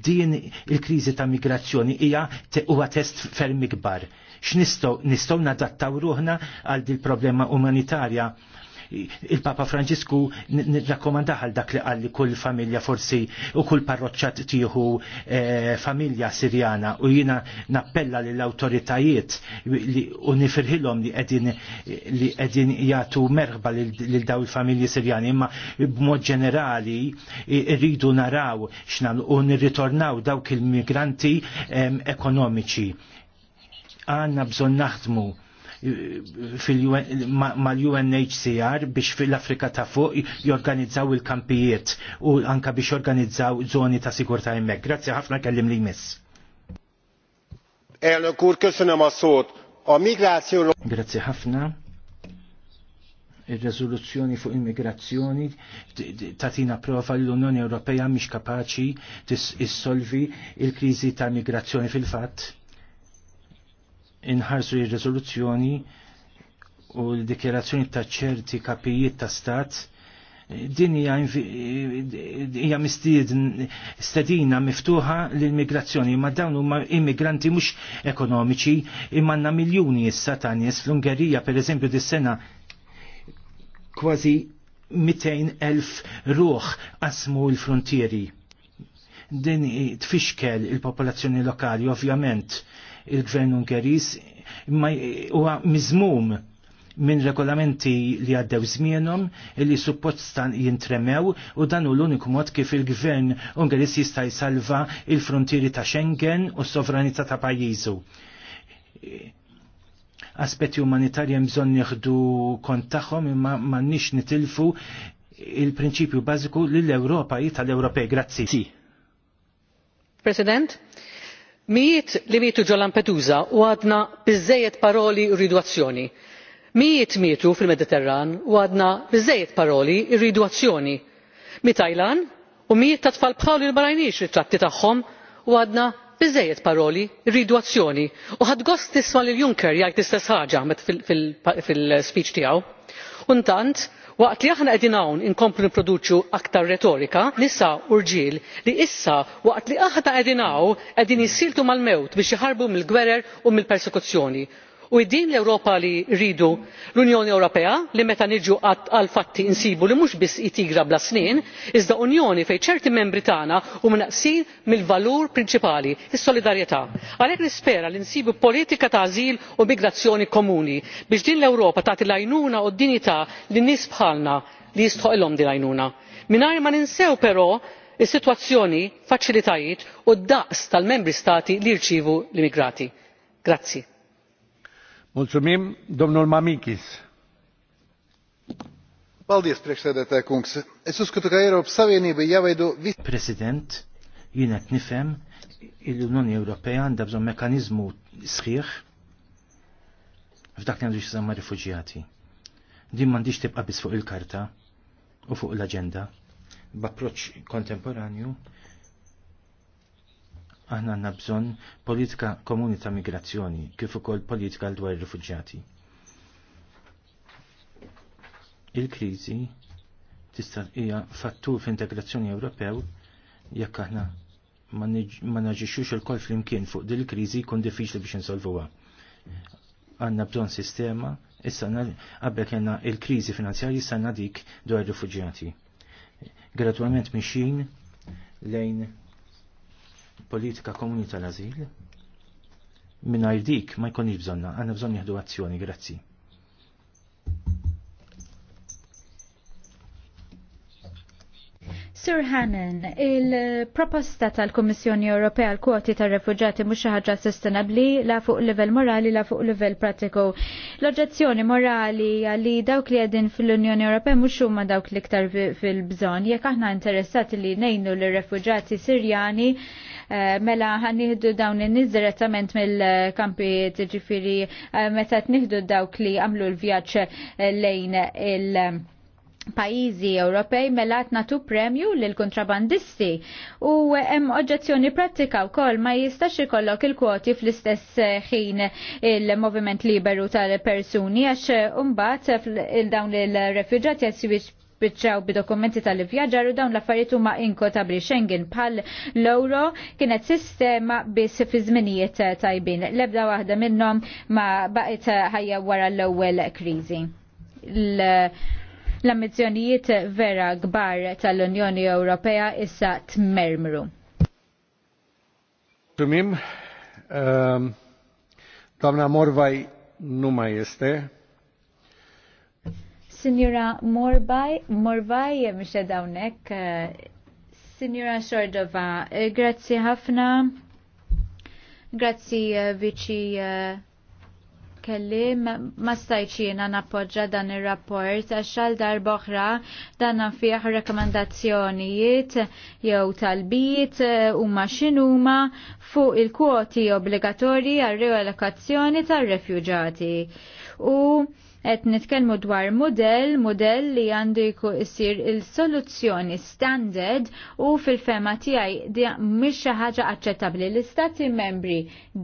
din il-kriżi ta' migrazzjoni hija huwa test ferm ikbar. X'nistgħu nistgħu nadattaw ruħna għal dil problema umanitarja il-Papa Franġisku nirrakkomanda għal dak li għalli kull familja forsi u kull parroċċat tiħu eh, familja Sirjana u jina nappella l autoritajiet u nifirħilhom li qegħdin li qegħdin jagħtu merħba lil daw il-familji Sirjani imma b'mod ġenerali rridu naraw x'nagħmlu u nirritornaw dawk il-migranti ekonomiċi. Għanna bżon naħdmu mal-UNHCR biex fil-Afrika ta' fuq jorganizzaw il-kampijiet u anka biex jorganizzaw zoni ta' sigurta' immek. Grazzi ħafna kellim li jmiss. Elnök úr, köszönöm a szót. A migrációról... Grazie ħafna il-rezoluzzjoni fuq immigrazzjoni tatina prova li l-Unjoni Ewropea mhix kapaċi tissolvi il-kriżi ta' migrazzjoni fil-fatt inħarsu il rezoluzzjoni u l-dikjerazzjoni ta' ċerti kapijiet ta' stat din hija mistied stedina miftuħa l-immigrazzjoni, ma dawn huma immigranti mhux ekonomiċi, imma għandna miljuni issa ta' nies fl-Ungerija pereżempju dis-sena kważi 200,000 ruħ qasmu l-frontieri. Din tfixkel il-popolazzjoni lokali, ovvjament il-gvern Ungeris huwa miżmum minn regolamenti li għaddew żmienhom li suppostan jintremew u dan hu l-uniku mod kif il-gvern Ungeris jista' jsalva il-frontieri ta' Schengen u s-sovranità ta' pajjiżu aspetti umanitarji bżonn nieħdu kont tagħhom imma m'għandniex nitilfu il-prinċipju bażiku lill-Ewropa tal-Ewropej. Grazzi. President, mijiet li mietu ġo lampedusa u għadna biżżejjed paroli rridu azzjoni mijiet mietu fil mediterran u għadna biżżejjed paroli rridu azzjoni Tajlan u mijiet ta' tfal bħalu li barajnix rajniex ritratti tagħhom u għadna biżżejjed paroli rridu azzjoni u għad gost nisma' li l jgħid l-istess ħaġa fil-speech tiegħu. u intant waqt li aħna qegħdin hawn inkomplu nipproduċu aktar retorika nisa u rġiel li issa waqt li aħna qegħdin hawn qegħdin jissiltu mal mewt biex jiħarbu mill gwerer u mill persekuzzjoni u din l-ewropa li rridu l-unjoni ewropea li meta niġu għal fatti insibu li mhux biss itigra bla snin iżda unjoni fejn ċerti membri tagħna huma naqsin mill-valur prinċipali is solidarjetà. għalhekk nispera li nsibu politika ta' ażil u migrazzjoni komuni biex din l-ewropa tagħti l-għajnuna u d-dinjità lin nies bħalna li jistħoqilhom din l-għajnuna. mingħajr ma ninsew però is-sitwazzjoni faċilitajiet u d daqs tal membri stati li jirċievu l immigrati. Grazzi. Mulțumim, domnul Mamikis. Paldies, President, nifem il-Unjoni Ewropea għandha bżonn mekkaniżmu sħiħ f'dak li għandu x'samma rifuġjati. Din m'għandix tibqa' biss fuq il-karta u fuq l-aġenda b'approċċ kontemporanju Aħna għandna bżonn politika komuni ta' migrazzjoni kif ukoll politika l dwar ir-rifuġjati. Il-kriżi tista' hija fattur f'integrazzjoni Ewropew jekk aħna ma naġixxux ukoll flimkien fuq din il-kriżi jkun diffiċli biex insolvuha. Għandna bżonn sistema, issa qabel kellna il-kriżi finanzjarji issa dik dwar ir-rifuġjati. Gradwament mixin lejn politika komuni tal-azil mingħajr dik ma jkunx bżonna, għandna bżonn nieħdu azzjoni, grazzi. Sir Hannan, il-proposta tal-Kommissjoni Ewropea l-kwoti tal-refugġati mhux xi ħaġa sostenabbli la fuq livell morali la fuq livell pratiku. L-oġġezzjoni morali li dawk li għedin fil-Unjoni Ewropea mhux huma dawk l-iktar fil-bżonn, jekk aħna interessati li ngħinu l refugġati Sirjani Eh, mela ħanniħdu dawn in-nies direttament mill-kampijiet ġifiri eh, meta tniħdu dawk li għamlu l-vjaġġ eh, lejn il- pajizi Ewropej mela natu premju lil kontrabandisti u hemm oġġezzjoni pratika wkoll ma jistax ikollok il-kwoti fl-istess ħin il-Moviment Liberu tal-Persuni għax imbagħad il dawn il-refuġjati Biċċaw bi dokumenti tal-vjaġġar u dawn l-affarijiet huma inkotabli Schengen bħal l-euro kienet sistema biss fi żminijiet tajbin. Lebda waħda minnhom ma baqgħet ħajja wara l-ewwel kriżi l-ambizjonijiet vera kbar tal-Unjoni Ewropea issa tmermru. Primim, um, ehm, doamna Morvai numa jeste. Signora Morbaj, Morvaj, miex dawnek, eh, Signora Xordova, eh, grazzi ħafna, grazzi eh, viċi kelli ma jena nappoġġa dan ir-rapport għax għal boħra oħra dan fih rekomendazzjonijiet jew talbijiet huma x'inhuma fuq il-kwoti obbligatorji għal realokazzjoni tar-refuġati. U Et nitkelmu dwar model, model li għandu jiku jisir il-soluzzjoni standard u fil-fema tijaj di mish ħaġa aċċettabli. L-istati membri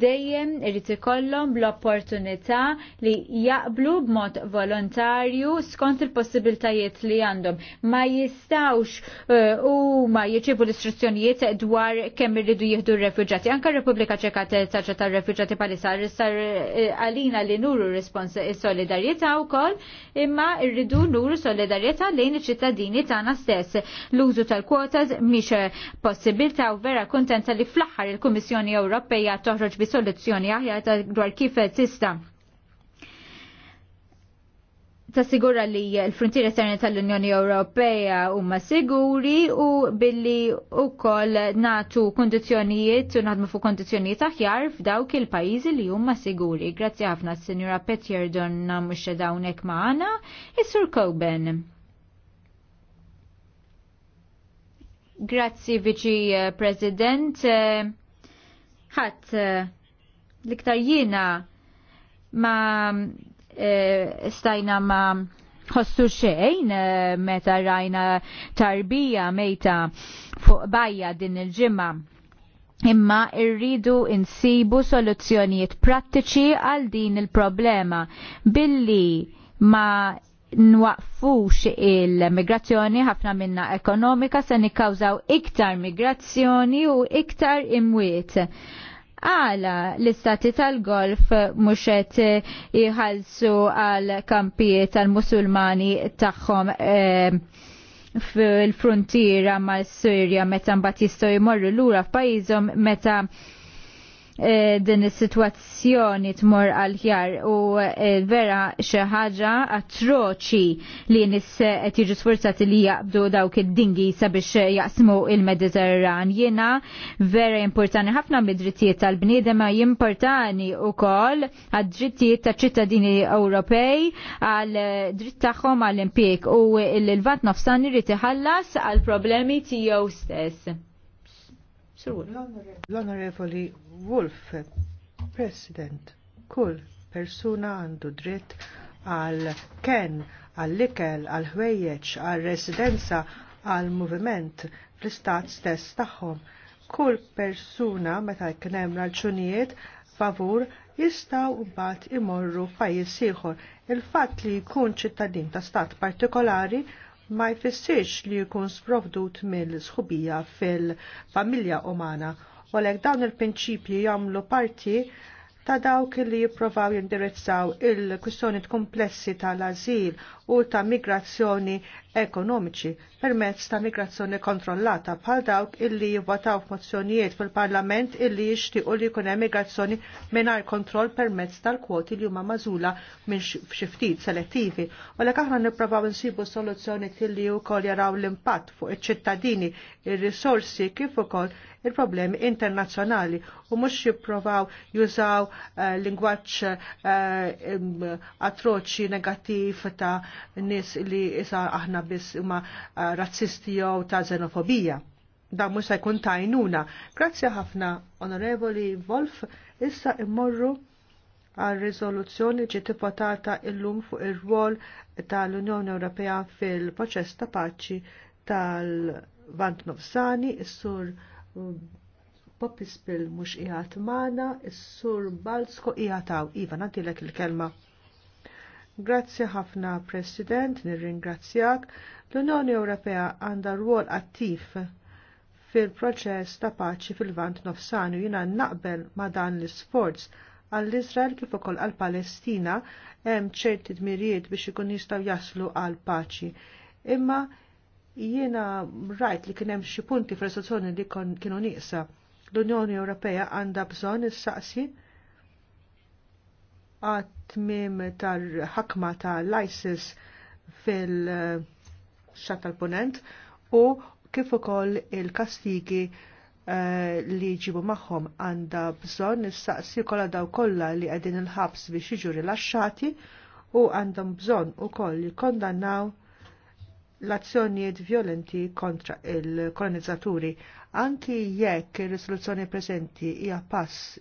dejjem irrit ikollhom l-opportunità li jaqblu b'mod volontarju skont il-possibiltajiet li għandhom. Ma jistawx uh, u ma jieċibu l-istruzzjonijiet dwar kemm irridu jihdu r-refuġati. Anka Repubblika Ċeka taċċetta r-refuġati palissa uh, għalina li nuru respons solidarieta u kol imma rridu nuru solidarjetà lejn iċ-ċittadini tagħna stess. L-użu tal-kwotas mhix possibilità u vera kuntenta li fl-aħħar il-Kummissjoni Ewropea toħroġ bi soluzzjoni aħjar dwar kif tista' tassigura li l-frontier esterni tal-Unjoni Ewropea huma siguri u billi wkoll natu kondizjonijiet u naħdmu fuq kondizzjonijiet aħjar f'dawk il-pajjiżi li huma siguri. Grazzi ħafna s-Sinjura Petjerdon mhux hawnhekk magħna, is-Sur Coben. Grazzi Viċi eh, President. Eh, ħadd eh, l-iktar jiena ma' Eh, stajna ma ħossu xejn eh, meta rajna tarbija mejta fuq bajja din il-ġimma. Imma irridu insibu soluzzjonijiet prattiċi għal din il-problema billi ma nwaqfux il-migrazzjoni ħafna minna ekonomika se nikkawżaw iktar migrazzjoni u iktar imwiet għala l-istati tal-golf muxet iħalsu għal kampijiet tal-musulmani tagħhom eh, fil-frontiera mal-Sirja meta mbagħad jistgħu jmorru lura f'pajjiżhom meta E, din is-sitwazzjoni tmur għal ħjar u e, vera xi ħaġa atroċi li nisse qed jiġu sforzati li jaqbdu dawk id-dingi sabiex jaqsmu il-Mediterran. Jiena vera importanti ħafna mid-drittijiet tal-bniedem ma importanti wkoll għad-drittijiet taċ ċittadini Ewropej għal dritt tagħhom għall impjek u l-vat nofsan irid iħallas għal problemi tiegħu stess. L-Onorevoli Wolf, President, kull persuna għandu dritt għal ken, għal likel, għal ħwejjeċ, għal residenza, għal moviment fl-istat stess tagħhom. Kull persuna meta jkunem hemm raġunijiet favur jistaw mbagħad imorru f'pajjiż ieħor. Il-fatt li jkun ċittadin ta' stat partikolari ma jfissirx li jkun sprovdut mill-sħubija fil-familja umana u għalhekk dawn il-prinċipji jagħmlu parti ta' dawk li jipprovaw jindirizzaw il-kwistjoni komplessi tal-azil u ta' migrazzjoni ekonomiċi permezz ta' migrazzjoni kontrollata bħal dawk illi jivvataw f'mozzjonijiet fil-Parlament illi jixtiequ li jkun hemm migrazzjoni mingħajr kontroll permezz tal-kwoti li huma mażula minn xi ftit selettivi. U lek aħna nipprovaw insibu soluzzjoni tilli wkoll jaraw l-impatt fuq iċ-ċittadini, ir-risorsi kif ukoll il-problemi internazzjonali u mhux jipprovaw jużaw eh, lingwaġġ eh, atroċi negattiv ta' nies li isa aħna biss huma ah, razzisti jew ta' xenofobija. Dan mhux se jkun tajnuna. Grazzi ħafna, Onorevoli Wolf, issa immorru għal riżoluzzjoni ġiet tipotata illum fuq ir-rwol tal-Unjoni Ewropea fil-proċess ta' paċi tal-Vant Nofsani, is-sur mm, Poppy Spill mux iħat maħna, s-sur Balsko iħataw. Iva, nantilek il-kelma. Grazzi ħafna President, nirringrazzjak. L-Unjoni Ewropea għandha rwol attiv fil-proċess ta' paċi fil-vant u jina naqbel ma' dan l-sforz għall-Izrael kif ukoll għall-Palestina hemm ċerti dmirijiet biex ikun jistgħu jaslu għal paċi. Imma jiena rajt li kien hemm xi punti fl-istazzjoni li kienu nieqsa. L-Unjoni Ewropea għandha bżonn issaqsi saqsi għatmim tal-ħakma tal-ISIS fil-xat tal-ponent u kif ukoll il-kastigi eh, li ġibu magħhom għandha bżonn nistaqsi kollha daw kollha li qegħdin il-ħabs biex jiġu rilaxxati u għandhom bżonn ukoll jikkondannaw l-azzjonijiet violenti kontra il-kolonizzaturi, anki jekk ir-risoluzzjoni preżenti hija pass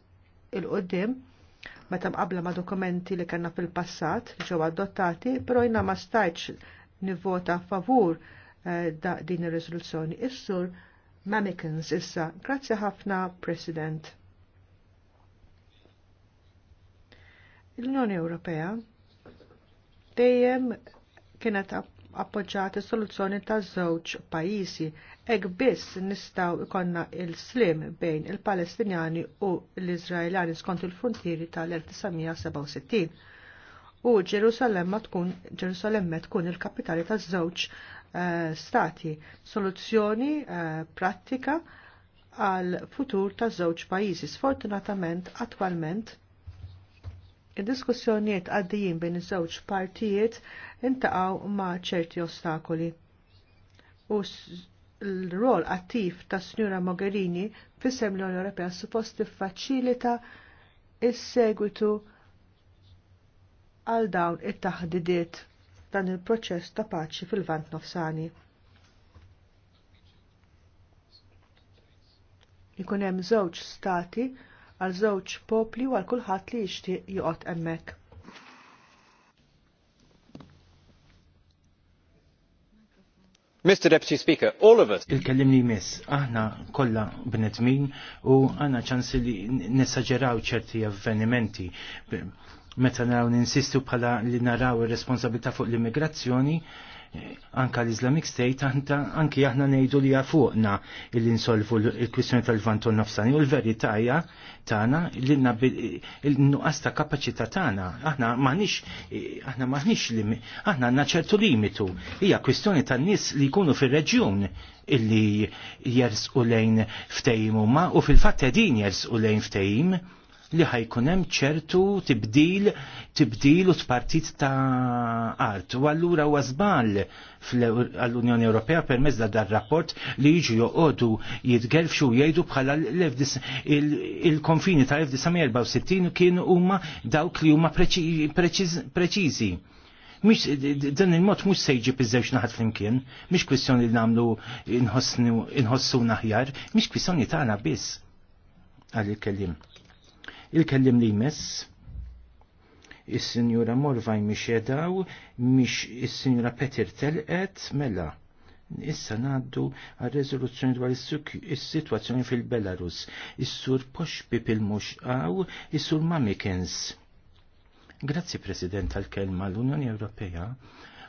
il-qoddim meta mqabla ma' dokumenti li kellna fil-passat li ġew adottati, però jina ma stajtx nivvota favur eh, da din ir-riżoluzzjoni. Is-sur Mamikins issa. Grazzi ħafna, President. L-Unjoni Ewropea dejjem kienet appoġġjat is-soluzzjoni ta' żewġ pajjiżi Ek biss nistaw ikonna il-slim bejn il-Palestinjani u l izraelani skont il-frontieri tal-1967. U Ġerusalemma tkun Ġerusalemme tkun il-kapitali taż-żewġ eh, stati, soluzzjoni eh, prattika għal futur taż-żewġ pajjiżi. Sfortunatament attwalment id-diskussjonijiet għaddijin bejn iż-żewġ partijiet intaqgħu ma' ċerti ostakoli. U l-rol attiv ta' Snura Mogherini fissem l-Unjoni Ewropea suppost tiffaċilita s segwitu għal dawn it-taħdidiet dan il-proċess ta' paċi fil-vant nofsani. Ikun hemm żewġ stati għal żewġ popli u għal kulħadd li jixtieq joqgħod hemmhekk. Mr. Deputy Speaker, all of us. Il-kellimni miss, aħna kolla bnedmin u għana ċansi li nessagġeraw ċerti avvenimenti. Meta naraw ninsistu bħala li naraw il-responsabilità fuq l-immigrazzjoni, anka l-Islamic State anta anki aħna ngħidu li fuqna illi insolvu l-kwistjoni tal-vanton nafsani u l-verità hija tagħna li il-nuqqas ta' kapaċità tagħna aħna m'aħniex aħna m'aħniex aħna għandna ċertu limitu hija kwistjoni tan-nies li jkunu fir-reġjun illi jersqu lejn ftejmu huma u fil-fatt qegħdin u lejn ftehim li ħajkun hemm ċertu tibdil tibdil u tpartit ta' art. U allura huwa għall-Unjoni Ewropea permezz da dar rapport li jiġu joqogħdu jitgelfxu jgħidu bħala il-konfini ta' 1964 e kienu huma dawk li huma preċiżi. Mux, dan il-mod mux sejġi pizzewx naħat flimkien, mux kwissjoni li namlu inħossu naħjar, mux kwistjoni taħna biss għal-kellim. Il-kellim li jmess is-Sinjura Morvaj miex jedaw, miex is-Sinjura Petir telqet mela. Issa naddu għal rezoluzzjoni dwar is-sitwazzjoni fil-Belarus. Is-sur Poxpi pil-mux għaw, is-sur Mamikens. Grazzi President tal-kelma l-Unjoni Ewropea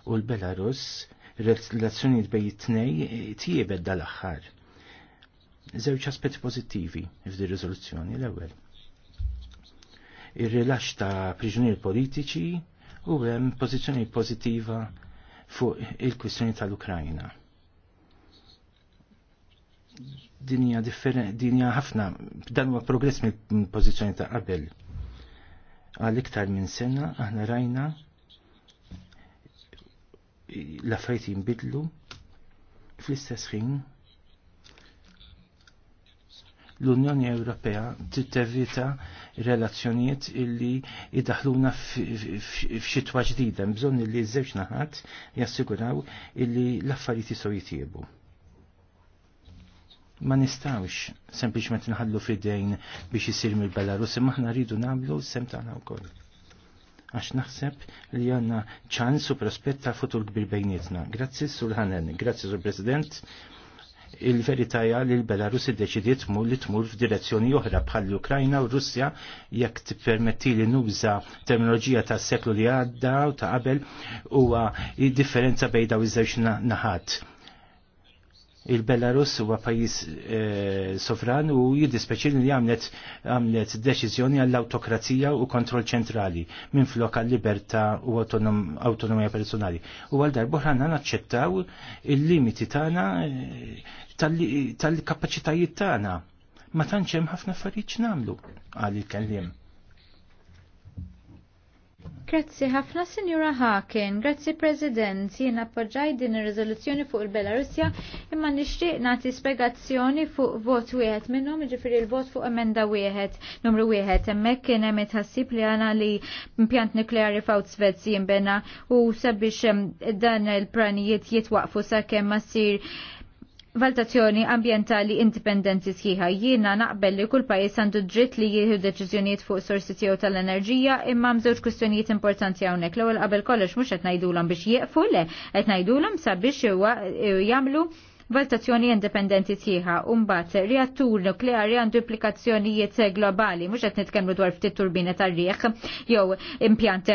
u l-Belarus relazzjoni bej it-tnej tiebed dal-aħħar. Żewġ aspetti pożittivi f'di riżoluzzjoni l-ewwel ir-rilax ta' priġunier politiċi u hemm pożizzjoni pożittiva fuq il-kwistjoni tal-Ukrajna. Dinja dinja ħafna, dan huwa progress mill-pożizzjoni ta' qabel. Għal iktar minn sena aħna rajna l-affarijiet jinbidlu fl-istess ħin l-Unjoni Ewropea tittevita relazzjonijiet illi idaħluna f'xitwa ġdida, bżonn illi żewġ naħat jassiguraw illi l-affarijiet jistgħu jitjiebu. Ma nistawx sempliċement nħallu fidejn biex jisir mill-Belarus, imma aħna rridu nagħmlu sem tagħna wkoll. Għax naħseb li għanna ċans u prospett ta' futur kbir bejnietna. Grazzi, Sul Hanen, grazzi, Sur President il-verità hija li l-Belarus iddeċidiet tmur li tmur f'direzzjoni oħra bħal l-Ukrajna u Russja jekk tippermetti li nuża terminoloġija tas seklu li għadda u ta' qabel huwa differenza bejda u iż-żewġ naħat. Il-Belarus huwa pajjiż eh, sovran u jiddispeċi li għamlet għamlet deċiżjoni għall-autokrazija u kontroll ċentrali minn flok għall-libertà u autonomija personali. U għal darbohra naċċettaw il-limiti tagħna eh, tal-kapacitajiet tagħna. Ma tantx hemm ħafna affarijiet nagħmlu għal il-kellim. Grazzi ħafna Sinjura Haken, grazzi President, jien appoġġaj din ir-riżoluzzjoni fuq il-Belarusja imma nixtieq nagħti spjegazzjoni fuq vot wieħed minnhom jiġifieri l-vot fuq emenda wieħed numru wieħed hemmhekk kien hemm itħassib li għana li impjant nukleari fawt Svezzi jinbena u sabiex dan il-pranijiet jitwaqfu sakemm ma ssir valutazzjoni ambientali indipendenti sħiħa. Jiena naqbel li kull pajjiż għandu dritt li jieħu deċiżjonijiet fuq sorsi tiegħu tal-enerġija imma mżewġ kwistjonijiet importanti hawnhekk. L-ewwel qabel kollox mhux qed ngħidulhom biex jieqfu le, qed ngħidulhom sabiex eh, jagħmlu valutazzjoni indipendenti tieħa u mbagħad reattur nukleari għandu implikazzjonijiet globali mhux qed nitkellmu dwar ftit turbina tar riħ jew impjant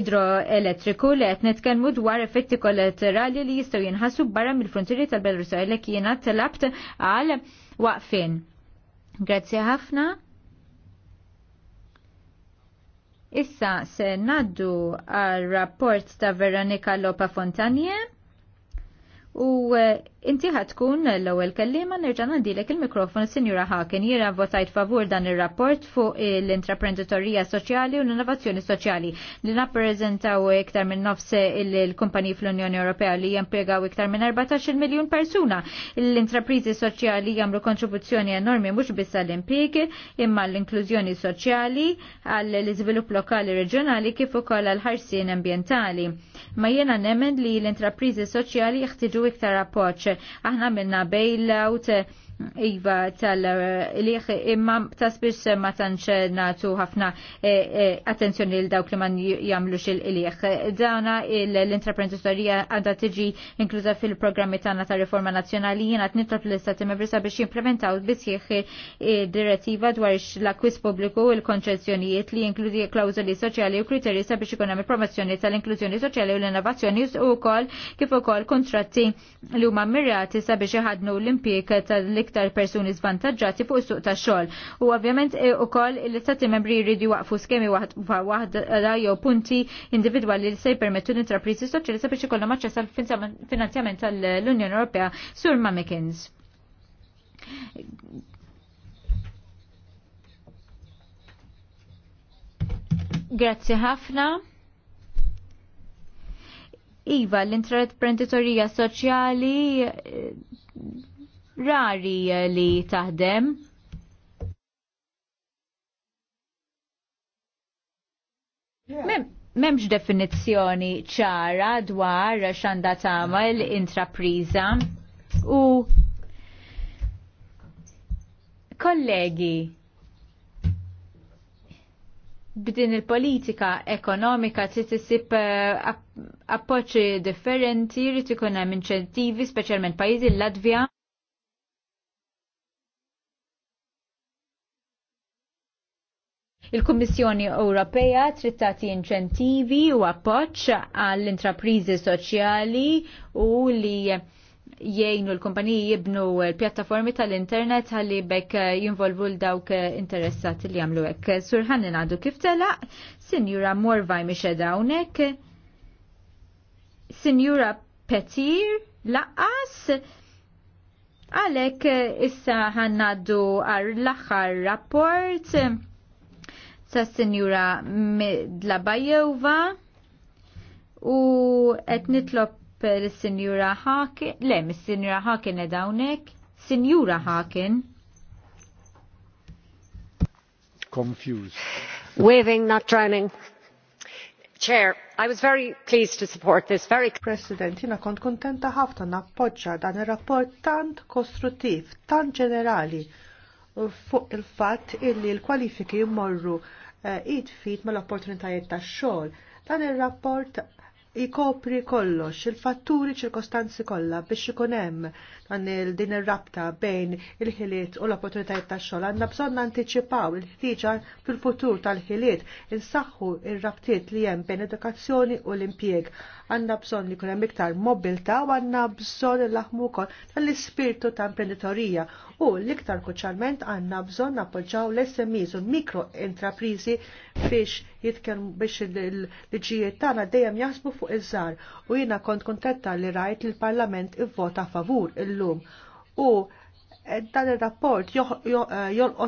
idroelettriku li qed nitkellmu dwar effetti kollaterali li jistgħu jinħassu barra mill frontiri tal li għalhekk jiena tlabt għal waqfin. Grazzi ħafna. Issa se naddu għal rapport ta' Veronika Lopa Fontanie u Inti ħatkun l-ewwel kellima nerġa' ngħaddilek il-mikrofon Sinjura Haken jiena votajt favur dan ir-rapport fuq l-intraprenditorija soċjali u l-innovazzjoni soċjali li nappreżentaw iktar minn nofs il-kumpaniji fl-Unjoni Ewropea li jempjegaw iktar minn 14 miljun persuna. L-intrapriżi soċjali jagħmlu kontribuzzjoni enormi mhux biss għall-impjieg imma l-inklużjoni soċjali għall-iżvilupp lokali reġjonali kif ukoll għall-ħarsien ambjentali. Ma jiena nemmen li l-intrapriżi soċjali jeħtieġu iktar appoġġ Aħna minna bail-out Iva tal-liħ imma ta' spiss ma tanċ natu ħafna e, e, attenzjoni l dawk li man jamlu xil-liħ. Dana l-intraprenditorija għanda tiġi inkluza fil-programmi tana ta' riforma nazjonali jena t-nitrop l-istati mebrisa biex jimplementaw bisjeħ direttiva dwar l-akwis publiku il-konċezzjonijiet li inkludi klawzoli soċjali u kriteri sabiex ikun hemm promozzjoni tal-inklużjoni soċjali u l-innovazzjoni u kol kif ukoll kontratti li huma mirrati sabiex iħadnu l-impjek tal-iktar iktar persuni zvantagġati fuq is-suq tax-xogħol. U ovvjament eh, ukoll l-istati membri jridu waqfu skemi waħda jew punti individwali li se jpermettu l-intrapriżi soċjali sabiex ikollhom aċċess għal finanzjament tal-Unjoni Ewropea sur Mamikins. Grazzi ħafna. Iva, l-intraprenditorija soċjali eh, rari eh, li taħdem. Memx definizzjoni ċara dwar xanda l intrapriza u kollegi b'din il-politika ekonomika t tisib eh, appoċċi differenti, rid ikun hemm inċentivi speċjalment pajjiżi l-Latvja Il-Kummissjoni Ewropea trid tagħti inċentivi u appoġġ għall-intrapriżi soċjali u li jgħinu l-kumpaniji jibnu l-pjattaformi tal-internet għalli bekk jinvolvu l-dawk interessati li jagħmlu hekk. Surħanni għadu kif telaq, Sinjura Morvaj miex dawnek, Sinjura Petir laqas, għalek issa ħannaddu għar l-axar rapport ta' Sinjura Dlabajeva u qed nitlob l-Sinjura Hakin, le, mis-Sinjura Hakin ed hawnhekk, Sinjura Hakin. Confused. Waving, not drowning. Chair, I was very pleased to support this very President, jina kont kontenta ħafna nappoġġa dan ir-rapport tant kostruttiv, tant ġenerali fuq il-fatt illi l-kwalifiki il jmorru Eh, id-fit mal-opportunitajiet tax-xogħol. Dan ir-rapport ikopri kollox, il-fatturi ċirkostanzi kollha biex ikun hemm għan din ir-rabta bejn il-ħiliet u l-opportunitajiet tax-xogħol għandna bżonn anticipaw il-ħtieġa fil-futur tal-ħiliet, insaħħu ir-rabtiet li hemm bejn edukazzjoni u l-impjieg. Għandna bżonn li jkun hemm iktar mobilta u għandna bżonn il-laħmu wkoll tal-ispirtu ta' imprenditorija u l-iktar kuċċarment għandna bżonn appoġġaw l-SMEs u mikro intraprizi biex jitkellmu biex l-ġijiet tagħna dejjem jaħsbu fuq iż-żgħar u jiena kont kontetta li rajt il-Parlament ivvota favur illum l lum U eh, dan il-rapport jolqot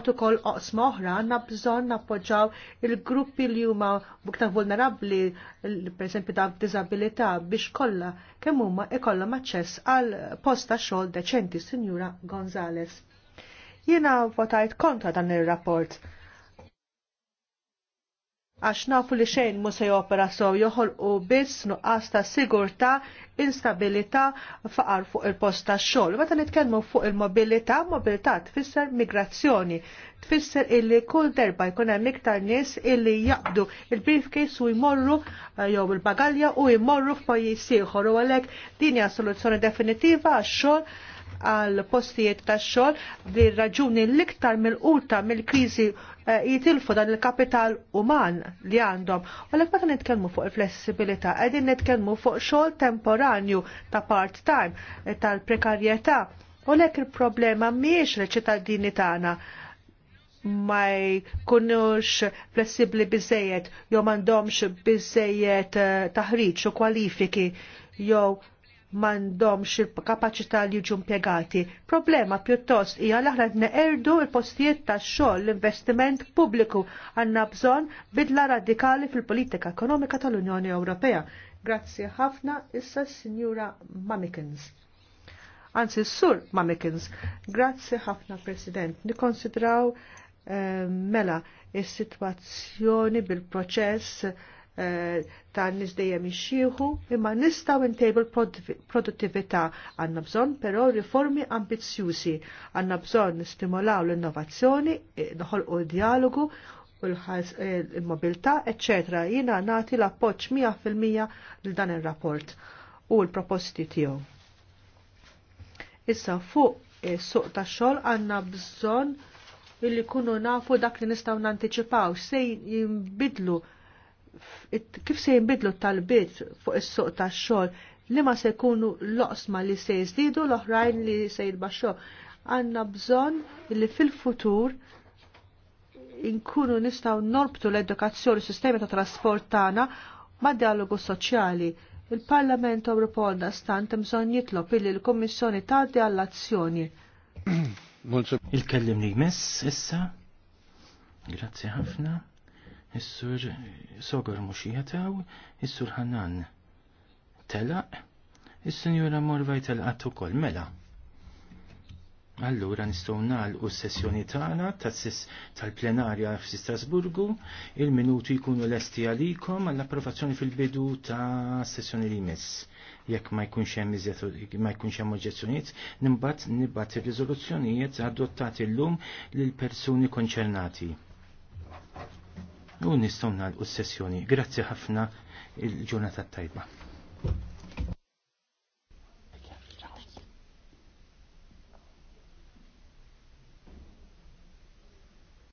eh, ukoll oqsma oħra għandna bżonn nappoġġaw il-gruppi li huma iktar vulnerabbli pereżempju ta' disabilità biex kollha kemm huma ikollhom aċċess għal post ta' xogħol deċenti, Sinjura Gonzales. Jiena votajt kontra dan ir rapport għax nafu li xejn mu se jopera so joħol u biss nuqqas ta' sigurta, instabilita, faqar fuq il-post ta' xogħol. Meta nitkellmu fuq il-mobilità, mobilità tfisser migrazzjoni, tfisser illi kull derba jkun hemm iktar nies illi jaqbdu il-briefcase u jmorru eh, jew il-bagalja u jmorru f'pajjiż ieħor u għalhekk din hija soluzzjoni definitiva għax xogħol għal postijiet tax-xogħol dir raġuni l-iktar mill-qulta mill-kriżi eh, jitilfu dan il-kapital uman li għandhom. U l meta nitkellmu fuq il-flessibilità, qegħdin nitkellmu fuq xogħol temporanju ta' part-time eh, tal-prekarjetà. U lek il-problema miex li ċittadini tagħna ma jkunux flessibli bizzejiet, jew m'għandhomx bizzejiet eh, taħriġ u kwalifiki, jew mandomx il-kapacità li jiġu impjegati. Problema pjuttost hija l aħna neqerdu l-postijiet ta' xogħol l-investiment pubbliku għandna bżonn bidla radikali fil-politika ekonomika tal-Unjoni Ewropea. Grazzi ħafna issa Sinjura Mamikins. Anzi, Sur Mamikins. Grazzi ħafna, President. Nikonsidraw eh, mela is-sitwazzjoni bil-proċess ta' nis dejjem ixxieħu imma nistgħu intable l-produttività għandna bżonn però riformi ambizzjużi. Għandna bżonn nistimolaw l-innovazzjoni, noħolqu dialogu u l-mobilità, eċċetera. Jiena nagħti l-appoġġ 100% lil dan ir-rapport u l-proposti tiegħu. Issa fuq suq suq tax-xogħol għandna bżonn li kunu nafu dak li nistgħu nanticipaw se jinbidlu kif se jinbidlu tal-bit fuq is-suq tax-xogħol li ma se jkunu loqsma li se jżdiedu l-oħrajn li se jitbaxxu. Għandna bżonn li fil-futur inkunu nistgħu norbtu l-edukazzjoni sistemi ta' trasport tagħna ma' dialogu soċjali. Il-Parlament Ewropew għandha stant bżonn jitlob illi l-Kummissjoni tagħdi għall-azzjoni. Il-kellim li jmiss issa. Grazzi ħafna. Is-sur Sogor mhux T'aw, is-sur Hanan telaq, is-sinjura Morvaj telqat ukoll mela. Allura nistgħu nagħlqu s-sessjoni tagħna tal-plenarja fi Strasburgu, il-minuti jkunu lesti għalikom għall-approvazzjoni fil-bidu ta' sessjoni li jmiss. Jekk ma jkunx hemm ma jkunx hemm oġġezzjonijiet, nimbagħad nibgħat ir-riżoluzzjonijiet adottati llum lill persuni konċernati. U nistgħu nagħlqu s-sessjoni. Grazzi ħafna il-ġurnata tajba.